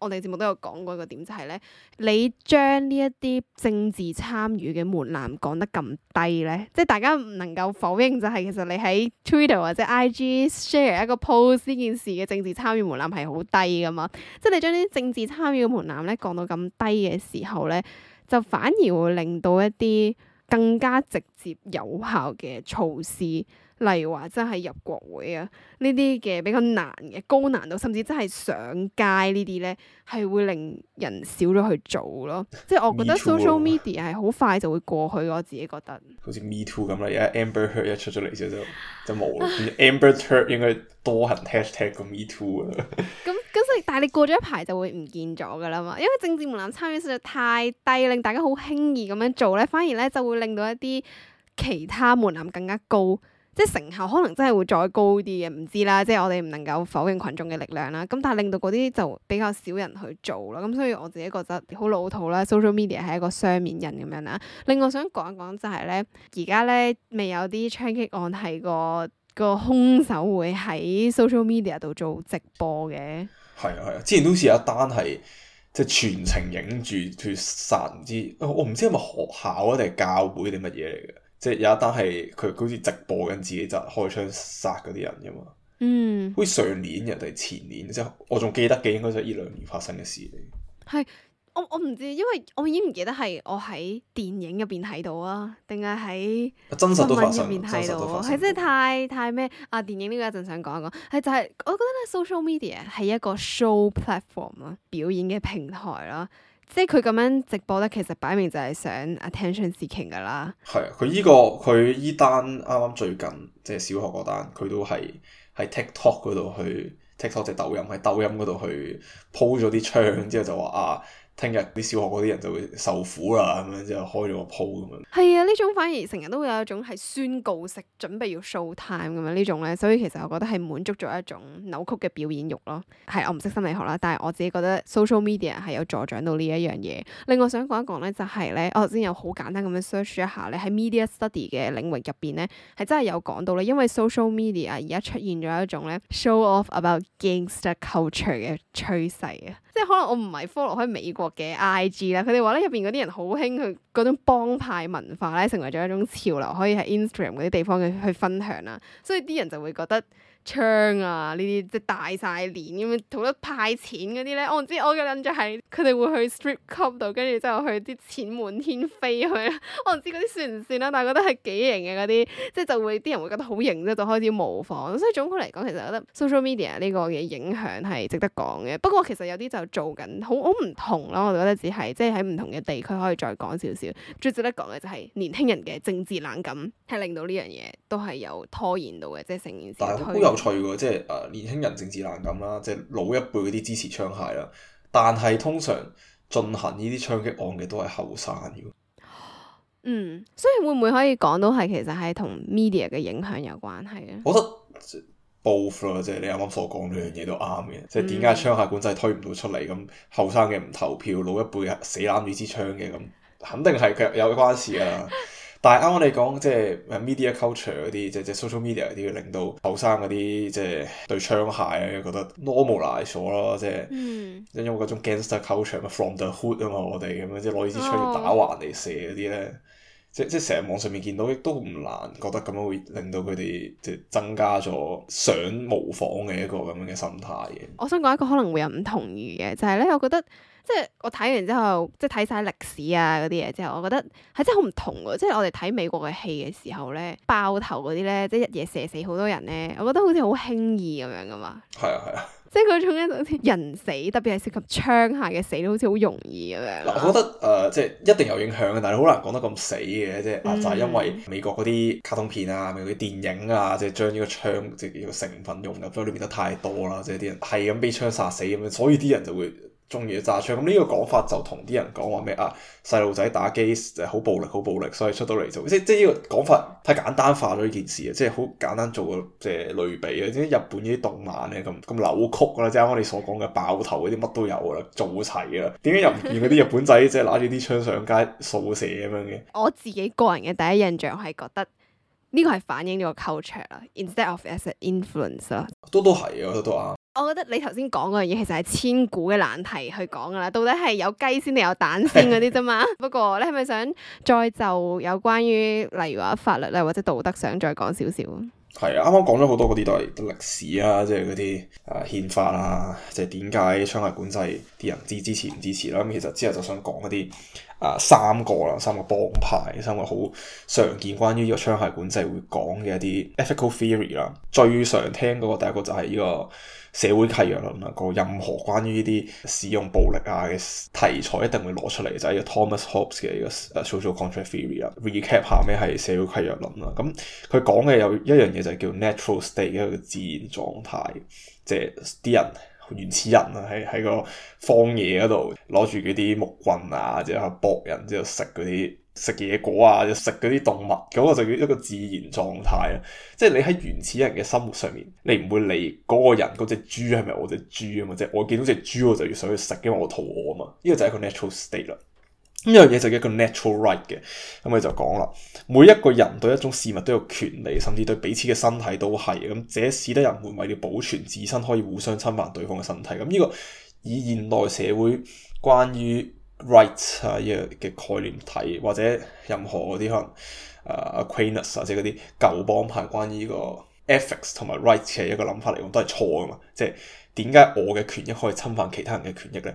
我哋節目都有講過一個點，就係咧，你將呢一啲政治參與嘅門檻降得咁低咧，即係大家唔能夠否認、就是，就係其實你喺 Twitter 或者 IG share 一個 post 呢件事嘅政治參與門檻係好低噶嘛。即係你將呢啲政治參與嘅門檻咧降到咁低嘅時候咧，就反而會令到一啲更加直接有效嘅措施。例如話真係入國會啊，呢啲嘅比較難嘅高難度，甚至真係上街呢啲咧，係會令人少咗去做咯。即係我覺得 social media 係好快就會過去，我自己覺得。好似 Me Too 咁啦，而家 Amber Heard 一出咗嚟之後就就冇啦。 Amber Heard 應該多行 hashtag 過 Me Too 啊。咁咁所以，但係你過咗一排就會唔見咗噶啦嘛。因為政治門檻參與實在太低，令大家好輕易咁樣做咧，反而咧就會令到一啲其他門檻更加高。即成效可能真係會再高啲嘅，唔知啦。即係我哋唔能夠否認群眾嘅力量啦。咁但係令到嗰啲就比較少人去做啦。咁所以我自己覺得好老土啦。Social media 係一個雙面人咁樣啦。另外想講一講就係、是、咧，而家咧未有啲槍擊案係個個兇手會喺 social media 度做直播嘅。係啊係啊，之前都好似有一單係即係全程影住佢殺，唔知我唔知係咪學校啊定係教會啲乜嘢嚟嘅。即係有一單係佢好似直播緊自己就開槍殺嗰啲人嘅嘛，嗯，好似上年人哋前年即係我仲記得嘅，應該就係呢兩年發生嘅事嚟。係我我唔知，因為我已經唔記得係我喺電影入邊睇到啊，定係喺真實都入邊睇到，係真係太太咩啊！電影呢個一陣想講一講，係就係、是、我覺得咧，social media 係一個 show platform 啦，表演嘅平台啦。即係佢咁樣直播咧，其實擺明就係想 attention seeking 噶啦。係啊、這個，佢呢個佢呢單啱啱最近即係、就是、小學嗰單，佢都係喺 TikTok 嗰度去 TikTok 只抖音喺抖音嗰度去 po 咗啲槍，之後就話啊。聽日你小學嗰啲人就會受苦啦，咁樣之後開咗個鋪咁樣。係啊，呢種反而成日都會有一種係宣告式，準備要 show time 咁樣呢種咧，所以其實我覺得係滿足咗一種扭曲嘅表演欲咯。係我唔識心理學啦，但係我自己覺得 social media 係有助長到呢一樣嘢。另外想講一講咧，就係咧，我頭先有好簡單咁樣 search 一下咧，喺 media study 嘅領域入邊咧，係真係有講到咧，因為 social media 而家出現咗一種咧 show off about gangster culture 嘅趨勢啊。即係可能我唔係 follow 開美國嘅 IG 啦，佢哋話咧入邊嗰啲人好興佢嗰種幫派文化咧，成為咗一種潮流，可以喺 Instagram 嗰啲地方去去分享啦，所以啲人就會覺得。槍啊！呢啲即係大晒年咁樣，同多派錢嗰啲咧，我唔知我嘅印象係佢哋會去 strip club 度，跟住之後去啲錢滿天飛咁樣。我唔知嗰啲算唔算啦，但係覺得係幾型嘅嗰啲，即係就會啲人會覺得好型，即係就開始模仿。所以總括嚟講，其實我覺得 social media 呢個嘅影響係值得講嘅。不過其實有啲就做緊好好唔同咯，我就覺得只係即係喺唔同嘅地區可以再講少少。最值得講嘅就係年輕人嘅政治冷感係令到呢樣嘢都係有拖延到嘅，即係成件事。趣即係誒年輕人政治冷感啦，即係老一輩嗰啲支持槍械啦。但係通常進行呢啲槍擊案嘅都係後生嘅。嗯，所以會唔會可以講到係其實係同 media 嘅影響有關係咧？我覺得 both 即係你啱啱所講呢樣嘢都啱嘅，即係點解槍械管制推唔到出嚟咁？後生嘅唔投票，老一輩死攬住支槍嘅咁，肯定係其實有關係啊。 但係啱啱我哋講即係 media culture 嗰啲，即係即係 social media 嗰啲，令到後生嗰啲即係對槍械咧覺得 normalize 咗咯，即係、嗯、因為嗰種 gangster culture、嗯、from the hood 啊嘛，我哋咁樣即係攞支槍嚟打橫嚟射嗰啲咧，即即係成日網上面見到，亦都唔難覺得咁樣會令到佢哋即係增加咗想模仿嘅一個咁樣嘅心態嘅。我想講一個可能會有唔同意嘅，就係、是、咧，我覺得。即係我睇完之後，即係睇晒歷史啊嗰啲嘢之後，我覺得係真係好唔同嘅。即係我哋睇美國嘅戲嘅時候咧，爆頭嗰啲咧，即係一嘢射死好多人咧，我覺得好似好輕易咁樣噶嘛。係啊係啊，啊即係嗰種咧，人死，特別係涉及槍下嘅死，都好似好容易咁樣。嗱，我覺得誒、呃，即係一定有影響嘅，但係好難講得咁死嘅，即係阿仔，因為美國嗰啲卡通片啊，美國啲電影啊，即係將呢個槍即係個成分融入咗裏面得太多啦，即係啲人係咁俾槍殺死咁樣，所以啲人就會。中意揸槍咁，呢個講法就同啲人講話咩啊？細路仔打機誒好暴力，好暴力，所以出到嚟做即即呢個講法太簡單化咗呢件事啊！即係好簡單做個即係類比啊！啲日本啲動漫咧，咁咁扭曲㗎喇，即係我哋所講嘅爆頭嗰啲乜都有㗎喇，做齊㗎喇，點解又唔見嗰啲日本仔 即係攞住啲槍上街掃射咁樣嘅？我自己個人嘅第一印象係覺得。呢個係反映呢個 culture 啦，instead of as an influence 啦，都都係啊，我都啊。我覺得你頭先講嗰樣嘢其實係千古嘅難題去講噶啦，到底係有雞先定有蛋先嗰啲啫嘛？ 不過你係咪想再就有關於例如話法律咧或者道德上再講少少？係啊，啱啱講咗好多嗰啲都係歷史啊，即係嗰啲啊憲法啊，即係點解槍械管制啲人支持支持唔支持啦？咁其實之後就想講嗰啲。啊三個啦，三個幫派，三個好常見關於呢個槍械管制會講嘅一啲 ethical theory 啦，最常聽嗰個第一個就係呢個社會契約論啦，個任何關於呢啲使用暴力啊嘅題材一定會攞出嚟，就係呢個 Thomas Hobbes 嘅呢個 social contract theory 啦。Recap 下咩係社會契約論啦，咁佢講嘅有一樣嘢就係叫 natural state 一個自然狀態，即係啲人。原始人啊，喺喺個荒野嗰度攞住嗰啲木棍啊，或者搏人，之後食嗰啲食野果啊，食嗰啲動物，嗰、那個就叫一個自然狀態啊。即係、嗯、你喺原始人嘅生活上面，你唔會理嗰個人嗰隻豬係咪我隻豬啊嘛，即、就、係、是、我見到隻豬我就要想去食，因為我肚餓啊嘛。呢、這個就係一個 natural state 啦。呢樣嘢就叫一個 natural right 嘅，咁佢就講啦，每一個人對一種事物都有權利，甚至對彼此嘅身體都係，咁這使得人們為了保存自身，可以互相侵犯對方嘅身體。咁呢個以現代社會關於 rights 啊嘅概念睇，或者任何嗰啲可能啊、呃、Aquinas 或者嗰啲舊幫派關於呢個 ethics 同埋 rights 嘅一個諗法嚟講，都係錯噶嘛？即係點解我嘅權益可以侵犯其他人嘅權益咧？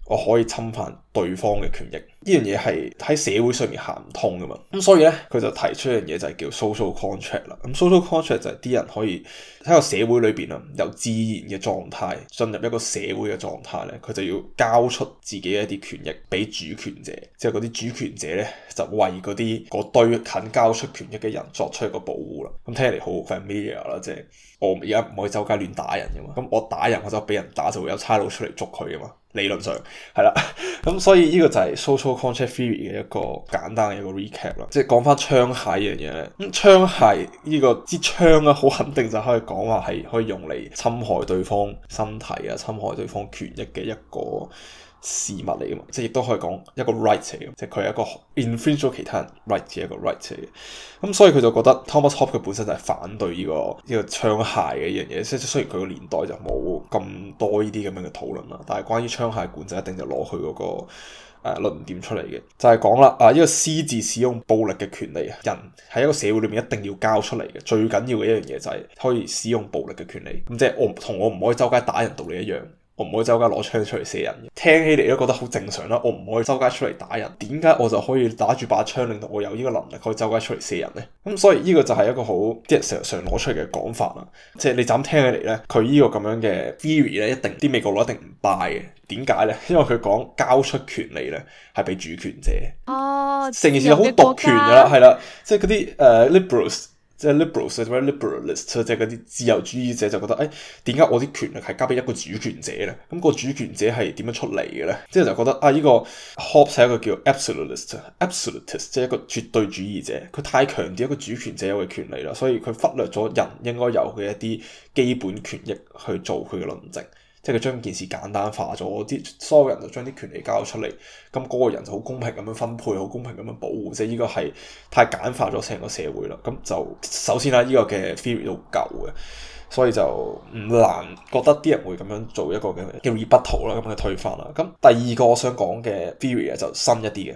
我可以侵犯對方嘅權益，呢樣嘢係喺社會上面行唔通噶嘛。咁所以咧，佢就提出一樣嘢就係叫 social contract 啦。咁 social contract 就係啲人可以喺個社會裏邊啊，由自然嘅狀態進入一個社會嘅狀態咧，佢就要交出自己嘅一啲權益俾主權者，即係嗰啲主權者咧就為嗰啲嗰堆肯交出權益嘅人作出一個保護啦。咁聽嚟好 familiar 啦，即係我而家唔可以周街亂打人噶嘛。咁我打人，我就俾人打，就會有差佬出嚟捉佢噶嘛。理論上係啦，咁所以呢個就係 social contract theory 嘅一個簡單嘅一個 recap 啦，即係講翻槍械呢樣嘢咧。咁槍械呢、呢個支槍啊，好肯定就可以講話係可以用嚟侵害對方身體啊，侵害對方權益嘅一個。事物嚟啊嘛，即係亦都可以講一個 rights 嘅，即係佢係一個 influence 其他人 rights 嘅一個 rights 嘅。咁、嗯、所以佢就覺得 Thomas Hobbes 佢本身就係反對呢、這個呢、這個槍械嘅一樣嘢。即係雖然佢個年代就冇咁多呢啲咁樣嘅討論啦，但係關於槍械管制一定就攞佢嗰個誒論、呃、點出嚟嘅，就係講啦啊呢、這個私自使用暴力嘅權利。人喺一個社會裏面一定要交出嚟嘅最緊要嘅一樣嘢就係可以使用暴力嘅權利。咁即係我同我唔可以周街打人道理一樣。我唔可以周街攞槍出嚟射人嘅，聽起嚟都覺得好正常啦。我唔可以周街出嚟打人，點解我就可以打住把槍，令到我有呢個能力可以周街出嚟射人呢？咁所以呢個就係一個好即係常常攞出嚟嘅講法啦。即係你就咁聽起嚟呢，佢呢個咁樣嘅 theory 咧，一定啲美國佬一定唔 buy 嘅。點解呢？因為佢講交出權利呢，係俾主權者哦，成件事好獨權噶啦，係啦，即係嗰啲誒 liberals。即係 liberals，即係 liberalist，即係嗰啲自由主義者就覺得，誒點解我啲權力係交俾一個主權者咧？咁個主權者係點樣出嚟嘅咧？即係就覺得啊，呢個 Hobbes 係一個叫 absolutist，absolutist 即係一個絕對主義者，佢太強調一,一個主權者有嘅權利啦，所以佢忽略咗人應該有嘅一啲基本權益去做佢嘅論證。即係佢將件事簡單化咗，啲所有人就將啲權利交出嚟，咁、那、嗰個人就好公平咁樣分配，好公平咁樣保護，即係呢個係太簡化咗成個社會啦。咁就首先啦，呢、這個嘅 theory 老舊嘅，所以就唔難覺得啲人會咁樣做一個嘅叫 rebuttal 啦，咁佢推翻啦。咁第二個我想講嘅 theory 就新一啲嘅。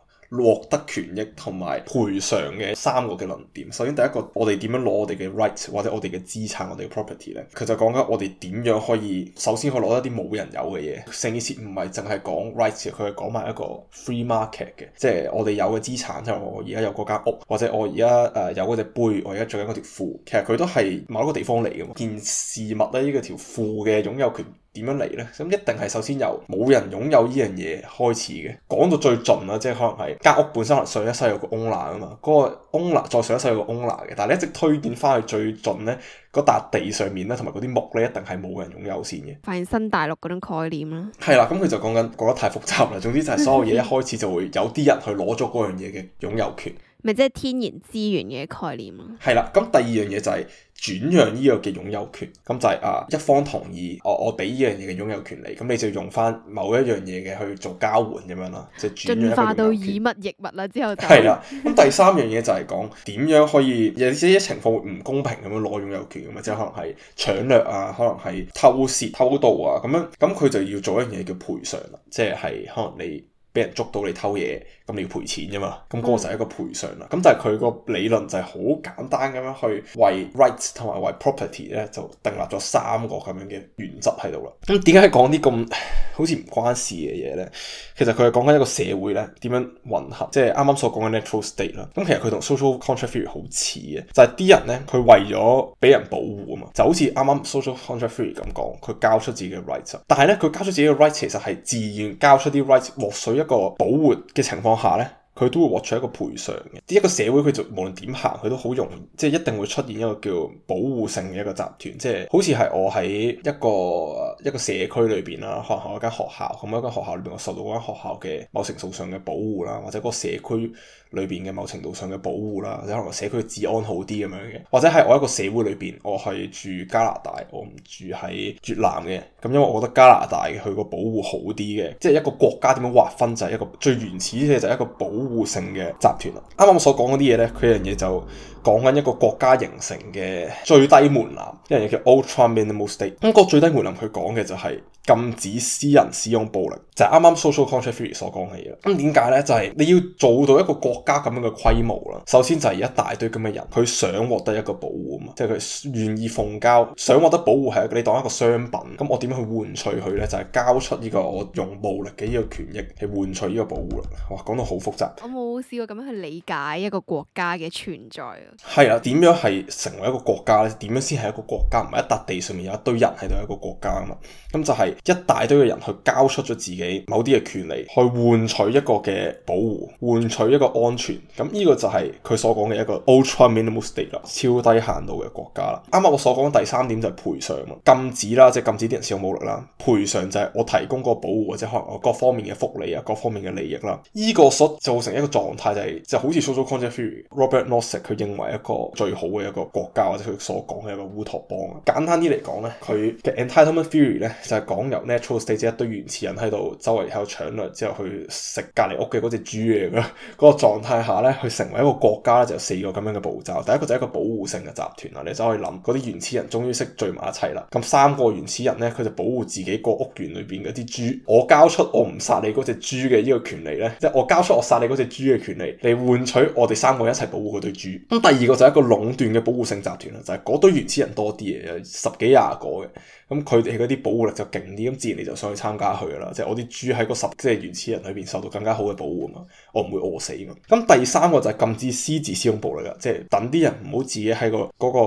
獲得權益同埋賠償嘅三個嘅論點。首先第一個，我哋點樣攞我哋嘅 rights 或者我哋嘅資產，我哋嘅 property 咧？佢就講緊我哋點樣可以首先去攞一啲冇人有嘅嘢。聖意詞唔係淨係講 rights，佢係講埋一個 free market 嘅，即係我哋有嘅資產，就係我而家有嗰間屋，或者我而家誒有嗰隻杯，我而家着緊嗰條褲，其實佢都係某一個地方嚟嘅嘛。件事物咧，呢個條褲嘅擁有權。點樣嚟呢？咁一定係首先由冇人擁有呢樣嘢開始嘅。講到最盡啦，即係可能係間屋本身上一世有個 owner 啊嘛，嗰個 owner 再上一世有個 owner 嘅。但係你一直推演翻去最盡呢，嗰笪地上面呢，同埋嗰啲木呢，一定係冇人擁有先嘅。發現新大陸嗰種概念啦。係啦，咁佢就講緊講得太複雜啦。總之就係所有嘢一開始就會有啲人去攞咗嗰樣嘢嘅擁有權。咪即係天然資源嘅概念咯。係啦，咁第二樣嘢就係。轉讓呢個嘅擁有權，咁就係啊一方同意，我我俾呢樣嘢嘅擁有權利，咁你就用翻某一樣嘢嘅去做交換咁樣即就轉、是、化到以物易物啦。之後就係啦。咁 啊、第三樣嘢就係講點樣可以有啲啲情況會唔公平咁樣攞擁有權嘅嘛，即係可能係搶掠啊，可能係偷竊偷渡啊咁樣，咁佢就要做一樣嘢叫賠償啦，即係可能你。俾人捉到你偷嘢，咁你要賠錢啫嘛，咁、那、嗰個就係一個賠償啦。咁但係佢個理論就係好簡單咁樣去為 rights 同埋為 property 咧，就訂立咗三個咁樣嘅原則喺度啦。咁點解講啲咁好似唔關事嘅嘢咧？其實佢係講緊一個社會咧點樣混合，即係啱啱所講嘅 natural state 啦。咁其實佢同 social contract theory 好似嘅，就係、是、啲人咧佢為咗俾人保護啊嘛，就好似啱啱 social contract theory 咁講，佢交出自己嘅 rights，但係咧佢交出自己嘅 rights 其實係自願交出啲 rights，獲水。一個保活嘅情況下咧。佢都會獲取一個賠償嘅，呢一個社會佢就無論點行，佢都好容易，即係一定會出現一個叫保護性嘅一個集團，即係好似係我喺一個一個社區裏邊啦，可能喺一間學校，咁、嗯、一間學校裏邊我受到嗰間學校嘅某程度上嘅保護啦，或者個社區裏邊嘅某程度上嘅保護啦，或者可能社區治安好啲咁樣嘅，或者係我一個社會裏邊，我係住加拿大，我唔住喺越南嘅，咁、嗯、因為我覺得加拿大佢個保護好啲嘅，即係一個國家點樣劃分就係一個最原始嘅就係一個保。保護性嘅集團咯，啱啱我所講嗰啲嘢咧，佢一樣嘢就。講緊一個國家形成嘅最低門檻，一樣嘢叫 ultra minimal state。咁個最低門檻，佢講嘅就係禁止私人使用暴力，就係啱啱 social contract theory 所講嘅嘢啦。咁點解呢？就係、是、你要做到一個國家咁樣嘅規模啦。首先就係一大堆咁嘅人，佢想獲得一個保護啊嘛，即係佢願意奉交，想獲得保護係你當一個商品，咁我點樣去換取佢呢？就係、是、交出呢個我用暴力嘅呢個權益去換取呢個保護啦。哇，講到好複雜，我冇試過咁樣去理解一個國家嘅存在啊。係啦，點樣係成為一個國家咧？點樣先係一個國家？唔係一笪地上面有一堆人喺度一個國家噶嘛？咁就係一大堆嘅人去交出咗自己某啲嘅權利，去換取一個嘅保護，換取一個安全。咁呢個就係佢所講嘅一個 Ultra Minimal State 啦，超低限度嘅國家啦。啱啱我所講第三點就係賠償啊，禁止啦，即係禁止啲人使用武力啦。賠償就係我提供個保護，或者可能我各方面嘅福利啊，各方面嘅利益啦。呢個所造成一個狀態就係，就好似 Social Contract Robert Nozick 佢認為係一個最好嘅一個國家，或者佢所講嘅一個烏托邦。簡單啲嚟講咧，佢嘅 entitlement theory 咧就係講由 natural state 即一堆原始人喺度周圍喺度搶掠，之後去食隔離屋嘅嗰隻豬嘅啦。嗰 個狀態下咧，佢成為一個國家就有四個咁樣嘅步驟。第一個就係一個保護性嘅集團啦，你走去諗嗰啲原始人終於識聚埋一齊啦。咁三個原始人呢，佢就保護自己個屋園裏邊嗰啲豬。我交出我唔殺你嗰隻豬嘅呢個權利咧，即係我交出我殺你嗰隻豬嘅權利，嚟換取我哋三個一齊保護嗰對豬。第二個就係一個壟斷嘅保護性集團啦，就係、是、嗰堆原始人多啲嘅，有十幾廿個嘅，咁佢哋嗰啲保護力就勁啲，咁自然你就想去參加佢噶啦，即係我啲豬喺個十即係原始人裏邊受到更加好嘅保護啊，我唔會餓死。咁第三個就係禁止私自使用暴力啦，即係等啲人唔好自己喺、那個嗰、那個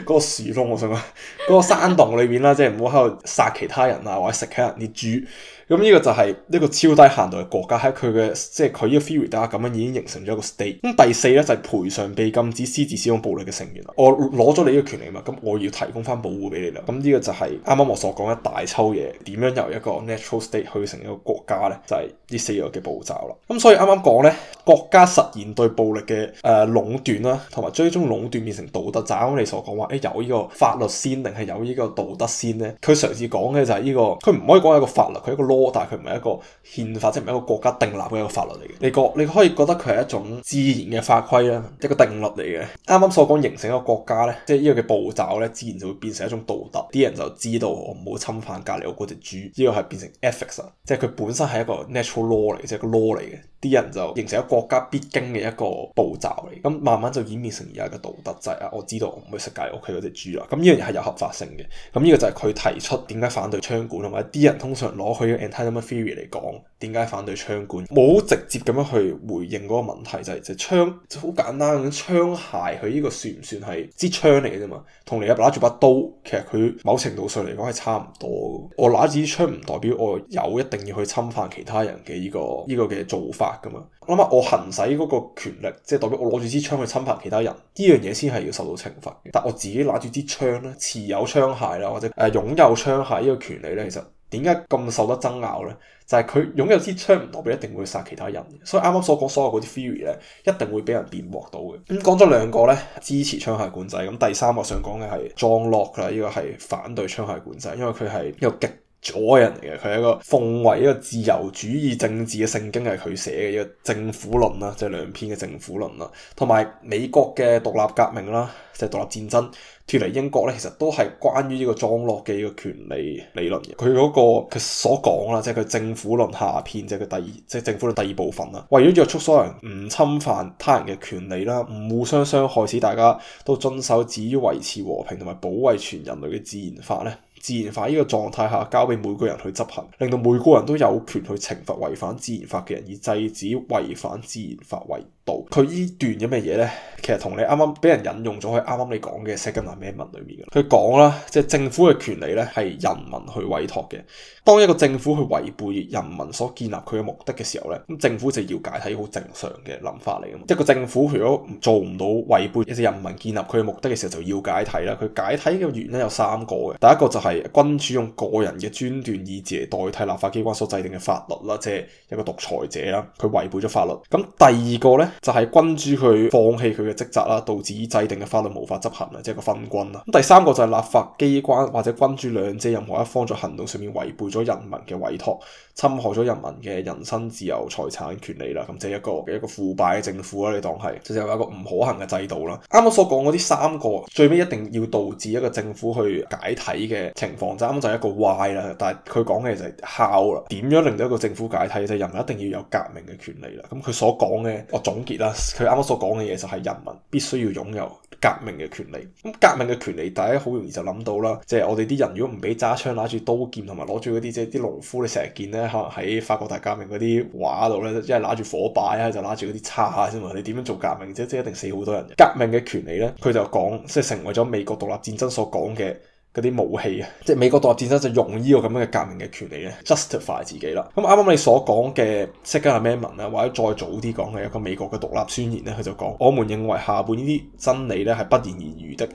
嗰 個樹窿啊，我想講，嗰 個山洞裏邊啦，即係唔好喺度殺其他人啊，或者食其他人啲豬。咁呢個就係一個超低限度嘅國家，喺佢嘅即係佢呢個 theory 底下咁樣已經形成咗一個 state。咁第四咧就係賠償被禁止私自使用暴力嘅成員，我攞咗你呢個權利嘛，咁我要提供翻保護俾你啦。咁呢個就係啱啱我所講一大抽嘢，點樣由一個 natural state 去成一個國家咧？就係、是、呢四個嘅步驟啦。咁所以啱啱講咧，國家實現對暴力嘅誒、呃、壟斷啦，同埋最終壟斷變成道德。就啱、是、啱你所講話，誒有呢個法律先定係有呢個道德先咧？佢上次講嘅就係呢、這個，佢唔可以講係一個法律，佢一個但係佢唔係一個憲法，即係唔係一個國家定立嘅一個法律嚟嘅。你覺你可以覺得佢係一種自然嘅法規啦，一個定律嚟嘅。啱啱所講形成一個國家咧，即係呢個嘅步驟咧，自然就會變成一種道德。啲人就知道我唔好侵犯隔籬嗰隻豬，呢個係變成 ethics 啊，即係佢本身係一個 natural law 嚟嘅，即係個 law 嚟嘅。啲人就形成咗國家必經嘅一個步驟嚟，咁慢慢就演變成而家嘅道德制啊！就是、我知道我唔去食隔籬屋企嗰隻豬啊！咁呢樣嘢係有合法性嘅。咁呢個就係佢提出點解反對槍管，同埋啲人通常攞佢嘅 entitlement theory 嚟講點解反對槍管，冇直接咁樣去回應嗰個問題就係、係、就槍就好簡單，槍械佢呢個算唔算係支槍嚟嘅啫嘛？同你一拿住把刀，其實佢某程度上嚟講係差唔多。我拿支槍唔代表我有一定要去侵犯其他人嘅呢、呢個呢、呢個嘅做法。咁啊！我諗下，我行使嗰個權力，即係代表我攞住支槍去侵犯其他人，呢樣嘢先係要受到懲罰嘅。但我自己拿住支槍咧，持有槍械啦，或者誒擁有槍械呢個權利咧，其實點解咁受得爭拗咧？就係佢擁有支槍唔代表一定會殺其他人，所以啱啱所講所有嗰啲 theory 咧，一定會俾人辯駁到嘅。咁講咗兩個咧，支持槍械管制，咁第三個想講嘅係裝落啦，呢個係反對槍械管制，因為佢係一個極。左人嚟嘅，佢係一個奉為一個自由主義政治嘅聖經，係佢寫嘅一個《政府論》啦，即係兩篇嘅《政府論》啦，同埋美國嘅獨立革命啦，即係獨立戰爭脫離英國咧，其實都係關於呢個莊洛嘅一個權利理論嘅。佢嗰個佢所講啦，即係佢《政府論》下篇，即係佢第二，即係政府嘅第二部分啦，為咗約束所有人唔侵犯他人嘅權利啦，唔互相傷害，使大家都遵守至於維持和平同埋保衛全人類嘅自然法咧，自然法呢個狀態下，交俾每個人去執行，令到每個人都有權去懲罰違反自然法嘅人，以制止違反自然法為。佢依段嘅咩嘢咧？其實同你啱啱俾人引用咗，係啱啱你講嘅《Second Amendment》裏面嘅。佢講啦，即係政府嘅權利咧係人民去委託嘅。當一個政府去違背人民所建立佢嘅目的嘅時候咧，咁政府就要解體，好正常嘅諗法嚟嘅嘛。即係個政府如果做唔到違背一隻人民建立佢嘅目的嘅時候，就要解體啦。佢解體嘅原因有三個嘅。第一個就係君主用個人嘅專斷意志嚟代替立法機關所制定嘅法律啦，即係一個獨裁者啦，佢違背咗法律。咁第二個咧？就係君主佢放棄佢嘅職責啦，導致制定嘅法律無法執行啦，即係個分君啦。咁第三個就係立法機關或者君主兩者任何一方在行動上面違背咗人民嘅委託，侵害咗人民嘅人身自由、財產權利啦。咁、嗯、即係一個一個腐敗嘅政府啦，你當係就係有個唔可行嘅制度啦。啱啱所講嗰啲三個最尾一定要導致一個政府去解體嘅情況，就啱就係一個歪啦。但係佢講嘅就係 How 啦，點樣令到一個政府解體？就係人民一定要有革命嘅權利啦。咁、嗯、佢所講嘅我總。佢啱啱所講嘅嘢就係人民必須要擁有革命嘅權利。咁革命嘅權利，大家好容易就諗到啦，即係我哋啲人如果唔俾揸槍，攞住刀劍同埋攞住嗰啲即係啲農夫，你成日見咧，可能喺法國大革命嗰啲畫度咧，一係攞住火把啊，就攞住嗰啲叉啫嘛。你點樣做革命啫？即係一定死好多人。革命嘅權利咧，佢就講即係成為咗美國獨立戰爭所講嘅。啲武器啊，即係美國獨立戰爭就用呢個咁樣嘅革命嘅權利咧，justify 自己啦。咁啱啱你所講嘅 Declaration 係咩文啊，或者再早啲講嘅有個美國嘅獨立宣言咧，佢就講：我們認為下半呢啲真理咧係不言而喻的。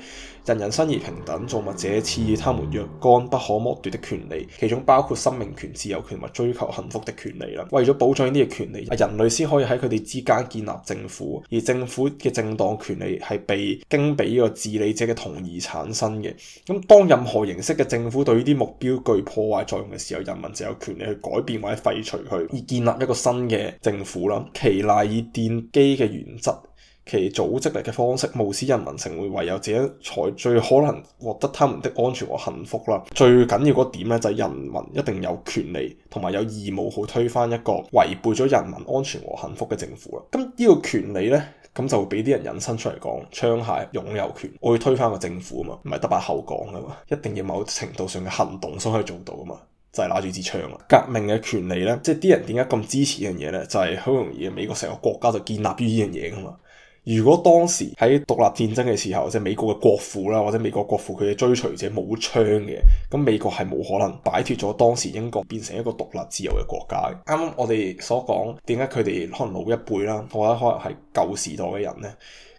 人人生而平等，造物者賜予他們若干不可剝奪的權利，其中包括生命權、自由權同埋追求幸福的權利啦。為咗保障呢啲權利，人類先可以喺佢哋之間建立政府，而政府嘅正當權利係被經俾呢個治理者嘅同意產生嘅。咁當任何形式嘅政府對呢啲目標具破壞作用嘅時候，人民就有權利去改變或者廢除佢，而建立一個新嘅政府啦。其賴以奠基嘅原則。其組織力嘅方式，無私人民成為唯有自己才最可能獲得他們的安全和幸福啦。最緊要嗰點咧，就係人民一定有權利同埋有義務去推翻一個違背咗人民安全和幸福嘅政府啦。咁呢個權利咧，咁就會俾啲人引申出嚟講，槍械擁有權，我要推翻個政府啊嘛，唔係得把口講啊嘛，一定要某程度上嘅行動先可以做到啊嘛，就係攞住支槍啊。革命嘅權利咧，即係啲人點解咁支持呢樣嘢咧？就係、是、好容易，美國成個國家就建立於呢樣嘢噶嘛。如果當時喺獨立戰爭嘅時候，即係美國嘅國父啦，或者美國國父佢嘅追隨者冇槍嘅，咁美國係冇可能擺脫咗當時英國變成一個獨立自由嘅國家嘅。啱我哋所講，點解佢哋可能老一輩啦，我覺得可能係舊時代嘅人咧？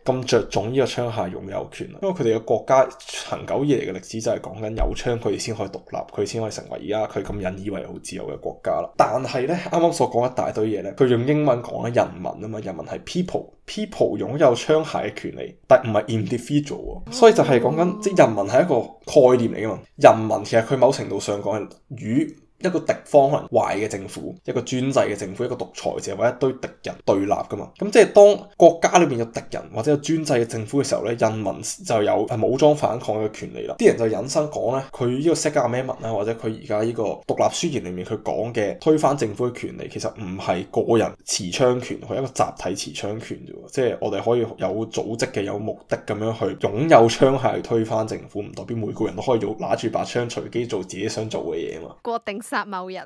咁着重呢個槍械擁有權，因為佢哋嘅國家長久以嚟嘅歷史就係講緊有槍佢哋先可以獨立，佢先可以成為而家佢咁引以為好自由嘅國家啦。但係咧，啱啱所講一大堆嘢咧，佢用英文講緊人民啊嘛，人民係 people，people 擁有槍械嘅權利，但唔係 individual 喎，所以就係講緊即係人民係一個概念嚟噶嘛，人民其實佢某程度上講係與，一個敵方可能壞嘅政府，一個專制嘅政府，一個獨裁者或者一堆敵人對立㗎嘛。咁即係當國家裏面有敵人或者有專制嘅政府嘅時候咧，人民就有武裝反抗嘅權利啦。啲人就引申講咧，佢呢個《Second Amendment》啦，或者佢而家呢個獨立宣言裏面佢講嘅推翻政府嘅權利，其實唔係個人持槍權，係一個集體持槍權啫。即係我哋可以有組織嘅、有目的咁樣去擁有槍械去推翻政府，唔代表每個人都可以拿住把槍隨機做自己想做嘅嘢嘛。某日啊，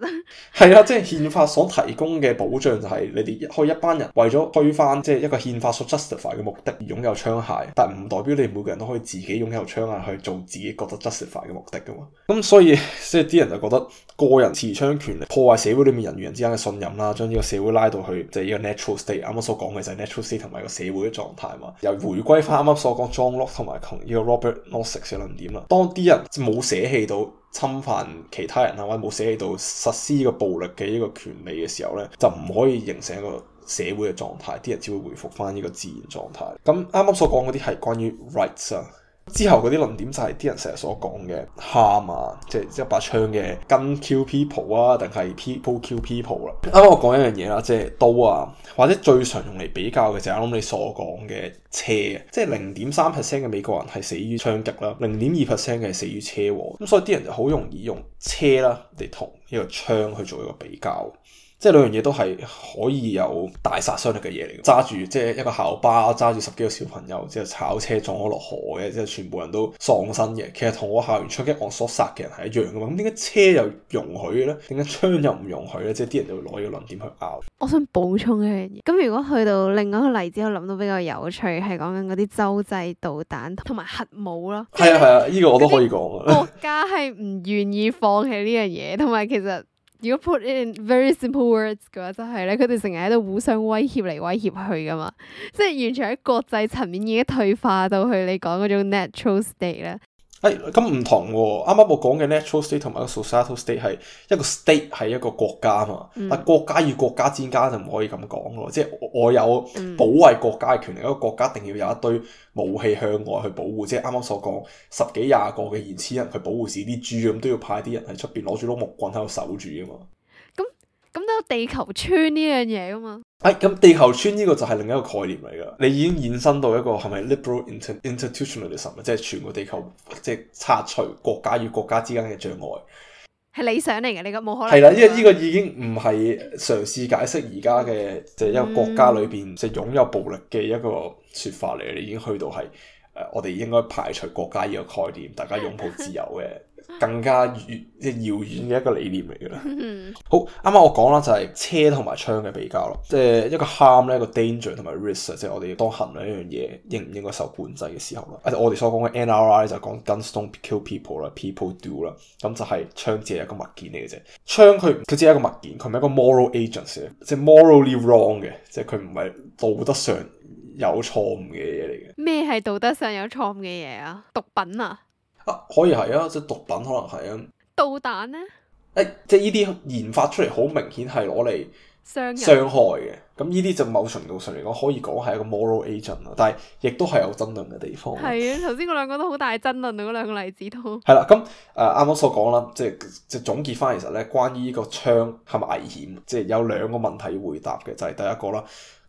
係啦，即係憲法所提供嘅保障就係你哋開一,一班人為咗推翻即係一個憲法所 justify 嘅目的而擁有槍械，但唔代表你每個人都可以自己擁有槍械去做自己覺得 justify 嘅目的噶嘛。咁所以即係啲人就覺得個人持槍權利破壞社會裏面人與人之間嘅信任啦，將呢個社會拉到去即係呢個 natural state。啱啱所講嘅就係 natural state 同埋個社會嘅狀態嘛，又回歸翻啱啱所講 John Locke 同埋同呢個 Robert Nozick 嘅論點啦，當啲人冇捨棄到。侵犯其他人啊，或者冇寫喺度實施呢個暴力嘅呢個權利嘅時候呢，就唔可以形成一個社會嘅狀態，啲人只會回復翻呢個自然狀態。咁啱啱所講嗰啲係關於 rights 啊。之後嗰啲論點就係啲人成日所講嘅，槍啊，即係一把槍嘅 gun kill people 啊，定係 people kill people 啦、啊。啱啱我講一樣嘢啦，即係刀啊，或者最常用嚟比較嘅就係啱啱你所講嘅車，即係零點三 percent 嘅美國人係死於槍擊啦，零點二 percent 嘅係死於車禍，咁所以啲人就好容易用車啦嚟同一個槍去做一個比較。即係兩樣嘢都係可以有大殺傷力嘅嘢嚟，揸住即係一個校巴，揸住十幾個小朋友，之後炒車撞咗落河嘅，即係全部人都喪生嘅。其實同我校園槍擊案所殺嘅人係一樣嘅嘛。咁點解車又容許呢？點解槍又唔容許呢？即係啲人就會攞呢個論點去拗。我想補充一樣嘢。咁如果去到另一個例子，我諗到比較有趣係講緊嗰啲洲際導彈同埋核武咯。係啊係啊，呢個我都可以講。國家係唔願意放棄呢樣嘢，同埋其實。如果 put in very simple words 嘅話，就係咧，佢哋成日喺度互相威脅嚟威脅去噶嘛，即係完全喺國際層面已經退化到去你講嗰種 natural state 咧。誒咁唔同喎，啱啱我講嘅 natural state 同埋個 societal state 係一個 state 係一個國家嘛，嗯、但國家與國家之間就唔可以咁講咯，即係我有保衞國家嘅權利，一個、嗯、國家一定要有一堆武器向外去保護，即係啱啱所講十幾廿個嘅原始人去保護自己啲豬咁，都要派啲人喺出邊攞住攞木棍喺度守住噶嘛。咁都地球村呢樣嘢噶嘛？誒，咁地球村呢個就係另一個概念嚟噶，你已經延伸到一個係咪 liberal institutionalism，即係全個地球即係拆除國家與國家之間嘅障礙，係理想嚟嘅，你呢個冇可能。係啦，因為呢個已經唔係嘗試解釋而家嘅即係一個國家裏邊即係擁有暴力嘅一個說法嚟，嗯、你已經去到係誒，我哋應該排除國家呢個概念，大家擁抱自由嘅。 更加遠即係遙遠嘅一個理念嚟嘅啦。 好啱啱我講啦，就係車同埋槍嘅比較咯，即係一個 harm，咧一個 danger 同埋 risk，即係我哋要當衡量一樣嘢應唔應該受管制嘅時候啦。我哋所講嘅 NRA 就講 guns don't kill people 啦，people do 啦。咁就係槍只係一個物件嚟嘅啫，槍佢佢只係一個物件，佢唔係一個，個 moral agent 嘅，即係 morally wrong 嘅，即係佢唔係道德上有錯誤嘅嘢嚟嘅。咩係道德上有錯誤嘅嘢啊？毒品啊？啊、可以係啊，即係毒品可能係啊，導彈呢？哎、即係呢啲研發出嚟好明顯係攞嚟傷害嘅，咁呢啲就某程度上嚟講，可以講係一個 moral agent 啊，但係亦都係有爭論嘅地方。係啊，頭先我兩個都好大爭論啊，嗰兩個例子都係啦。咁誒， 啱啱、呃、所講啦，即係即係總結翻，其實咧關於呢個槍係咪危險，即係有兩個問題要回答嘅，就係、是、第一個啦。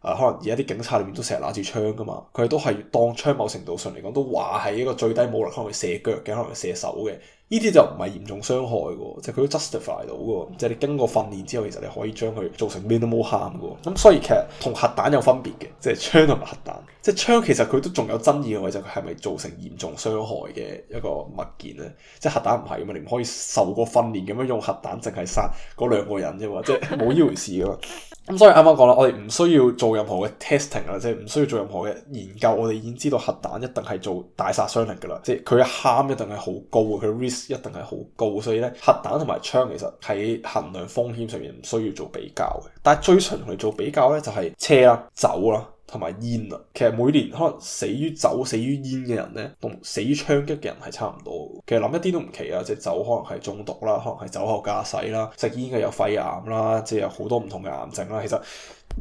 啊，可能而家啲警察裏面都成日攞住槍噶嘛，佢都係當槍某程度上嚟講都話係一個最低武力，可能射腳嘅，可能射手嘅。呢啲就唔係嚴重傷害嘅，即係佢都 justify 到嘅，即係你經過訓練之後，其實你可以將佢做成 minimal harm 嘅。咁所以其實同核彈有分別嘅，即係槍同埋核彈。即係槍其實佢都仲有爭議嘅位，就係佢係咪造成嚴重傷害嘅一個物件咧？即係核彈唔係啊嘛，你唔可以受過訓練咁樣用核彈淨係殺嗰兩個人啫嘛，即係冇呢回事㗎嘛。 咁、嗯、所以啱啱講啦，我哋唔需要做任何嘅 testing 啊，即係唔需要做任何嘅研究，我哋已經知道核彈一定係做大殺傷力噶啦，即係佢嘅喊一定係好高，佢嘅 risk 一定係好高，所以咧核彈同埋槍其實喺衡量風險上面唔需要做比較嘅，但係最常同佢做比較咧就係車啦、酒啦。同埋煙啦，其實每年可能死於酒、死於煙嘅人咧，同死於槍擊嘅人係差唔多。其實諗一啲都唔奇啊，即係酒可能係中毒啦，可能係酒後駕駛啦，食煙嘅有肺癌啦，即係有好多唔同嘅癌症啦。其實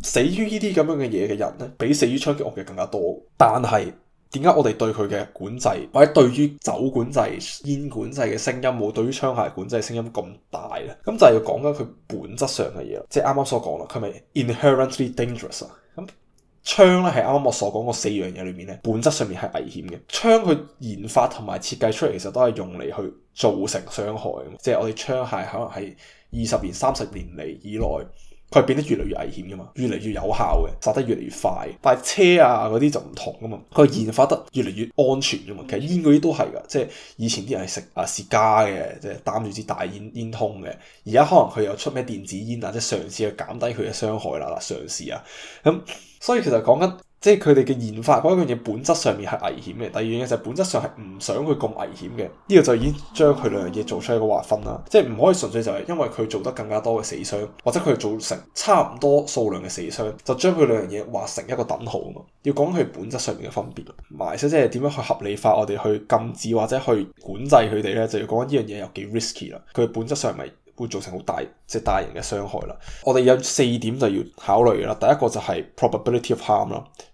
死於呢啲咁樣嘅嘢嘅人咧，比死於槍擊嘅更加多。但係點解我哋對佢嘅管制，或者對於酒管制、煙管制嘅聲音，冇對於槍械管制嘅聲音咁大咧？咁就係要講緊佢本質上嘅嘢。即係啱啱所講啦，佢咪 inherently dangerous 啊？槍咧係啱啱我所講嗰四樣嘢裏面咧，本質上面係危險嘅。槍佢研發同埋設計出嚟，其實都係用嚟去造成傷害嘅。即係我哋槍械可能係二十年、三十年嚟以來。佢係變得越嚟越危險嘅嘛，越嚟越有效嘅，殺得越嚟越快。但係車啊嗰啲就唔同噶嘛，佢研發得越嚟越安全嘅嘛。其實煙嗰啲都係噶，即係以前啲人係食啊雪茄嘅，即係擔住支大煙煙通嘅。而家可能佢又出咩電子煙啊，即係嘗試去減低佢嘅傷害啦嗱，嘗試啊。咁所以其實講緊。即係佢哋嘅研發嗰樣嘢，本質上面係危險嘅。第二樣嘢就係本質上係唔想佢咁危險嘅。呢、這個就已經將佢兩樣嘢做出一個劃分啦。即係唔可以純粹就係因為佢做得更加多嘅死傷，或者佢做成差唔多數量嘅死傷，就將佢兩樣嘢畫成一個等號啊！要講佢本質上面嘅分別，埋先即係點樣去合理化我哋去禁止或者去管制佢哋咧？就要講呢樣嘢有幾 risky 啦。佢本質上咪會造成好大即係、就是、大型嘅傷害啦。我哋有四點就要考慮啦。第一個就係 probability of harm 啦。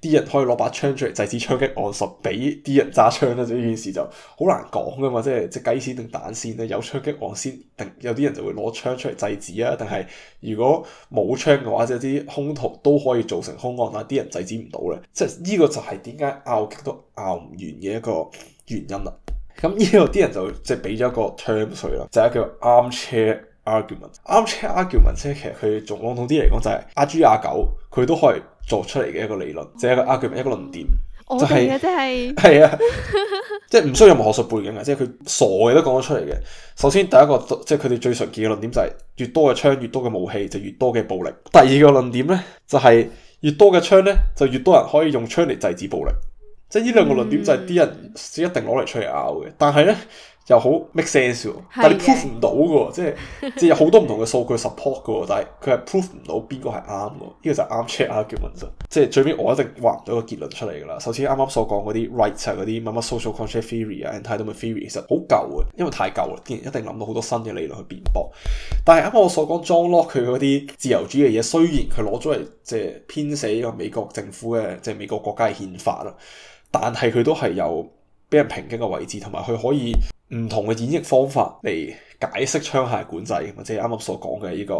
啲人可以攞把槍出嚟制止槍擊案，十俾啲人揸槍咧，就呢件事就好難講噶嘛。即係即雞先定蛋先咧，有槍擊案先，定有啲人就會攞槍出嚟制止啊。定係如果冇槍嘅話，即係啲兇徒都可以造成兇案，但啲人制止唔到咧。即係呢個就係點解拗極都拗唔完嘅一個原因啦。咁呢個啲人就即係俾咗個槍水啦，就係叫 armchair argument，armchair argument 即係其實佢籠統啲嚟講就係阿豬阿狗，佢都可以。做出嚟嘅一個理論，即係一個 argument，一個論點，就係即係係啊，即係唔需要任何學術背景嘅，即係佢傻嘅都講得出嚟嘅。首先，第一個即係佢哋最常見嘅論點就係越多嘅槍，越多嘅武器就越多嘅暴力。第二個論點咧就係越多嘅槍咧，就越多人可以用槍嚟制止暴力。嗯、即係呢兩個論點就係啲人一定攞嚟出嚟拗嘅。但係咧。又好 make sense 喎，但係你 proof 唔到嘅， 即係即係有好多唔同嘅數據 support 嘅，但係佢係 proof 唔到邊個係啱嘅。呢、這個就係啱 check argument 啊，即係最尾我一定話唔到個結論出嚟㗎啦。首先啱啱所講嗰啲 rights 啊，嗰啲乜乜 social contract theory 啊，and 太多嘅 theory 其實好舊啊，因為太舊啦，自然一定諗到好多新嘅理論去辯駁。但係啱啱我所講 John Locke 佢嗰啲自由主義嘅嘢，雖然佢攞咗嚟即係編寫一個美國政府嘅即係美國國家嘅憲法啦，但係佢都係有俾人評擊嘅位置，同埋佢可以。唔同嘅演繹方法嚟解釋槍械管制，或者係啱啱所講嘅呢個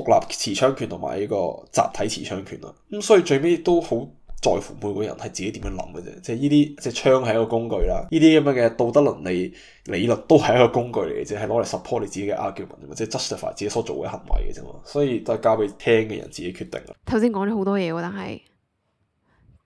獨立持槍權同埋呢個集體持槍權啊。咁、嗯、所以最尾都好在乎每個人係自己點樣諗嘅啫，即係呢啲即係槍係一個工具啦，呢啲咁樣嘅道德倫理理論都係一個工具嚟嘅，啫，係攞嚟 support 你自己嘅 argument，或者 justify 自己所做嘅行為嘅啫嘛。所以都係交俾聽嘅人自己決定咯。頭先講咗好多嘢，但係，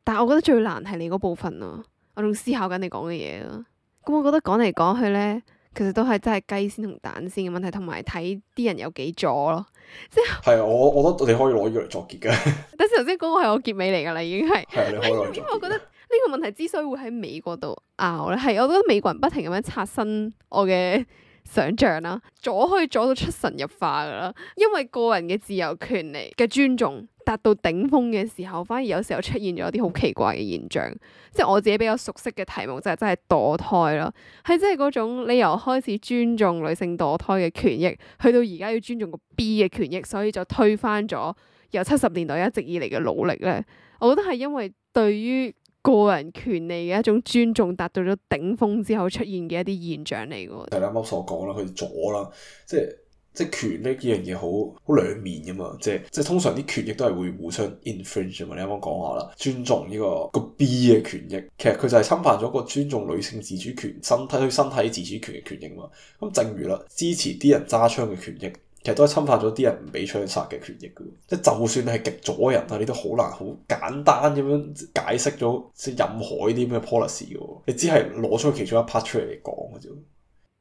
但係我覺得最難係你嗰部分咯，我仲思考緊你講嘅嘢咯。我覺得講嚟講去咧，其實都係真係雞先同蛋先嘅問題，同埋睇啲人有幾阻咯。即係，我我覺得你可以攞呢個嚟作結噶。但係頭先嗰個係我結尾嚟噶啦，已經係。係，你可以攞。因為我覺得呢個問題之所以會喺美國度拗咧，係我覺得美國人不停咁樣刷新我嘅想象啦。阻可以阻到出神入化噶啦，因為個人嘅自由權利嘅尊重，達到頂峰嘅時候，反而有時候出現咗一啲好奇怪嘅現象。即係我自己比較熟悉嘅題目，就係，就係真係墮胎啦，係真係嗰種你由開始尊重女性墮胎嘅權益，去到而家要尊重個 B 嘅權益，所以就推翻咗由七十年代一直以嚟嘅努力咧。我覺得係因為對於個人權利嘅一種尊重達到咗頂峰之後出現嘅一啲現象嚟嘅。啱啱所講啦，佢阻啦，即係。即係權利呢樣嘢好好兩面噶嘛，即係即係通常啲權益都係會互相 infringe 啊嘛，你啱啱講下啦，尊重呢、這個、這個 B 嘅權益，其實佢就係侵犯咗個尊重女性自主權、身體身體自主權嘅權益嘛。咁正如啦，支持啲人揸槍嘅權益，其實都係侵犯咗啲人唔俾槍殺嘅權益噶。即係就算你係極左人啊，你都好難好簡單咁樣解釋咗任何呢啲咩 policy 嘅，你只係攞出其中一 part 出嚟嚟講嘅啫。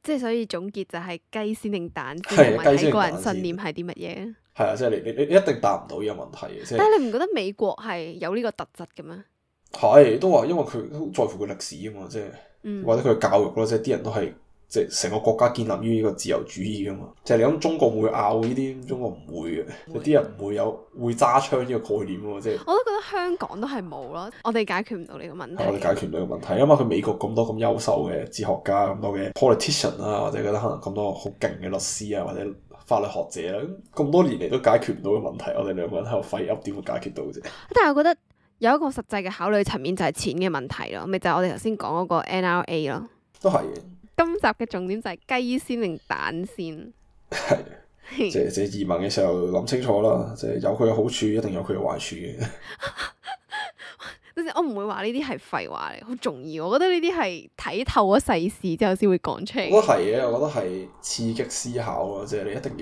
即係所以總結就係雞先定蛋，同埋睇個人信念係啲乜嘢。係啊，即係你你你一定答唔到呢個問題嘅。即係但係你唔覺得美國係有呢個特質嘅咩？係都話因為佢好在乎佢歷史啊嘛，即係、嗯、或者佢教育咯，即係啲人都係。即係成個國家建立於呢個自由主義噶嘛，就係你諗中國會拗呢啲，中國唔會嘅，有啲人唔會有會揸槍呢個概念喎，即係我都覺得香港都係冇咯，我哋解決唔到呢個問題。我哋解決唔到呢個問題，因為佢美國咁多咁優秀嘅哲學家，咁多嘅 politician 啦，或者覺得可能咁多好勁嘅律師啊，或者法律學者啦，咁多年嚟都解決唔到嘅問題，我哋兩個人喺度費噏，點會解決到啫？但係我覺得有一個實際嘅考慮層面就係錢嘅問題咯，咪就係我哋頭先講嗰個 NRA 咯，都係今集嘅重點就係雞先定蛋先，係即係自己移民嘅時候諗清楚啦，即係有佢嘅好處，一定有佢嘅壞處嘅。我唔會話呢啲係廢話嚟，好重要。我覺得呢啲係睇透咗世事之後先會講出。哇，係嘅，我覺得係刺激思考咯，即係你一定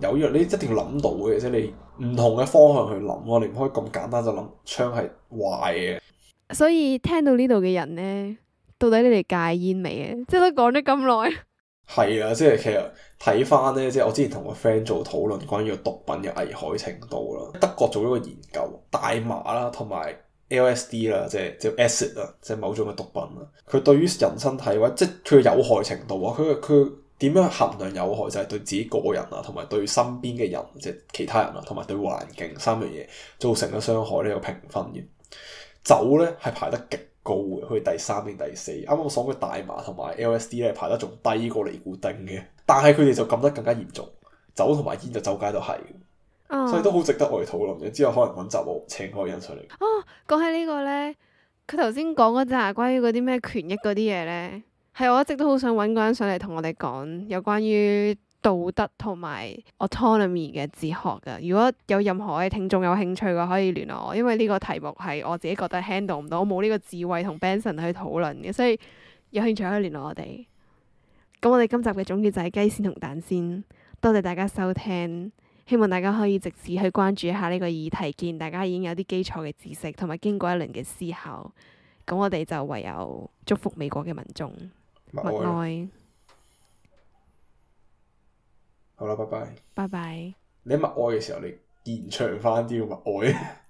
要有呢，你一定要諗到嘅，即係你唔同嘅方向去諗咯，你唔可以咁簡單就諗槍係壞嘅。所以聽到呢度嘅人呢。到底你哋戒煙未啊？即係都講咗咁耐。係啊，即係其實睇翻，咧，即係我之前同個 friend 做討論關於個毒品嘅危害程度啦。德國做咗個研究，大麻啦，同埋 LSD 啦，即係即係 acid 啊，即係某種嘅毒品啦。佢對於人身體或者即係佢嘅有害程度啊，佢佢點樣衡量有害就係、是、對自己個人啊，同埋對身邊嘅人即係其他人啊，同埋對環境三樣嘢造成咗傷害呢，有評分嘅。酒咧係排得極。告回去第三定第四。啱啱我講嘅大麻同埋 LSD 咧，排得仲低過尼古丁嘅。但係佢哋就禁得更加嚴重，酒同埋煙就走街都係，oh. 所以都好值得我哋討論嘅。之後可能揾集請我請個人出嚟。哦，講起呢個呢，佢頭先講嗰陣關於嗰啲咩權益嗰啲嘢呢，係我一直都好想揾個人上嚟同我哋講有關於道德同埋 autonomy 嘅哲學嘅，如果有任何嘅聽眾有興趣嘅，可以聯絡我，因為呢個題目係我自己覺得 handle 唔到，我冇呢個智慧同 Benson 去討論嘅，所以有興趣可以聯絡我哋。咁我哋今集嘅總結就係雞先同蛋先，多謝大家收聽，希望大家可以直接去關注一下呢個議題，見大家已經有啲基礎嘅知識同埋經過一輪嘅思考，咁我哋就唯有祝福美國嘅民眾，默哀。好啦，拜拜。拜拜。你喺默哀嘅時候，你延長返啲默哀。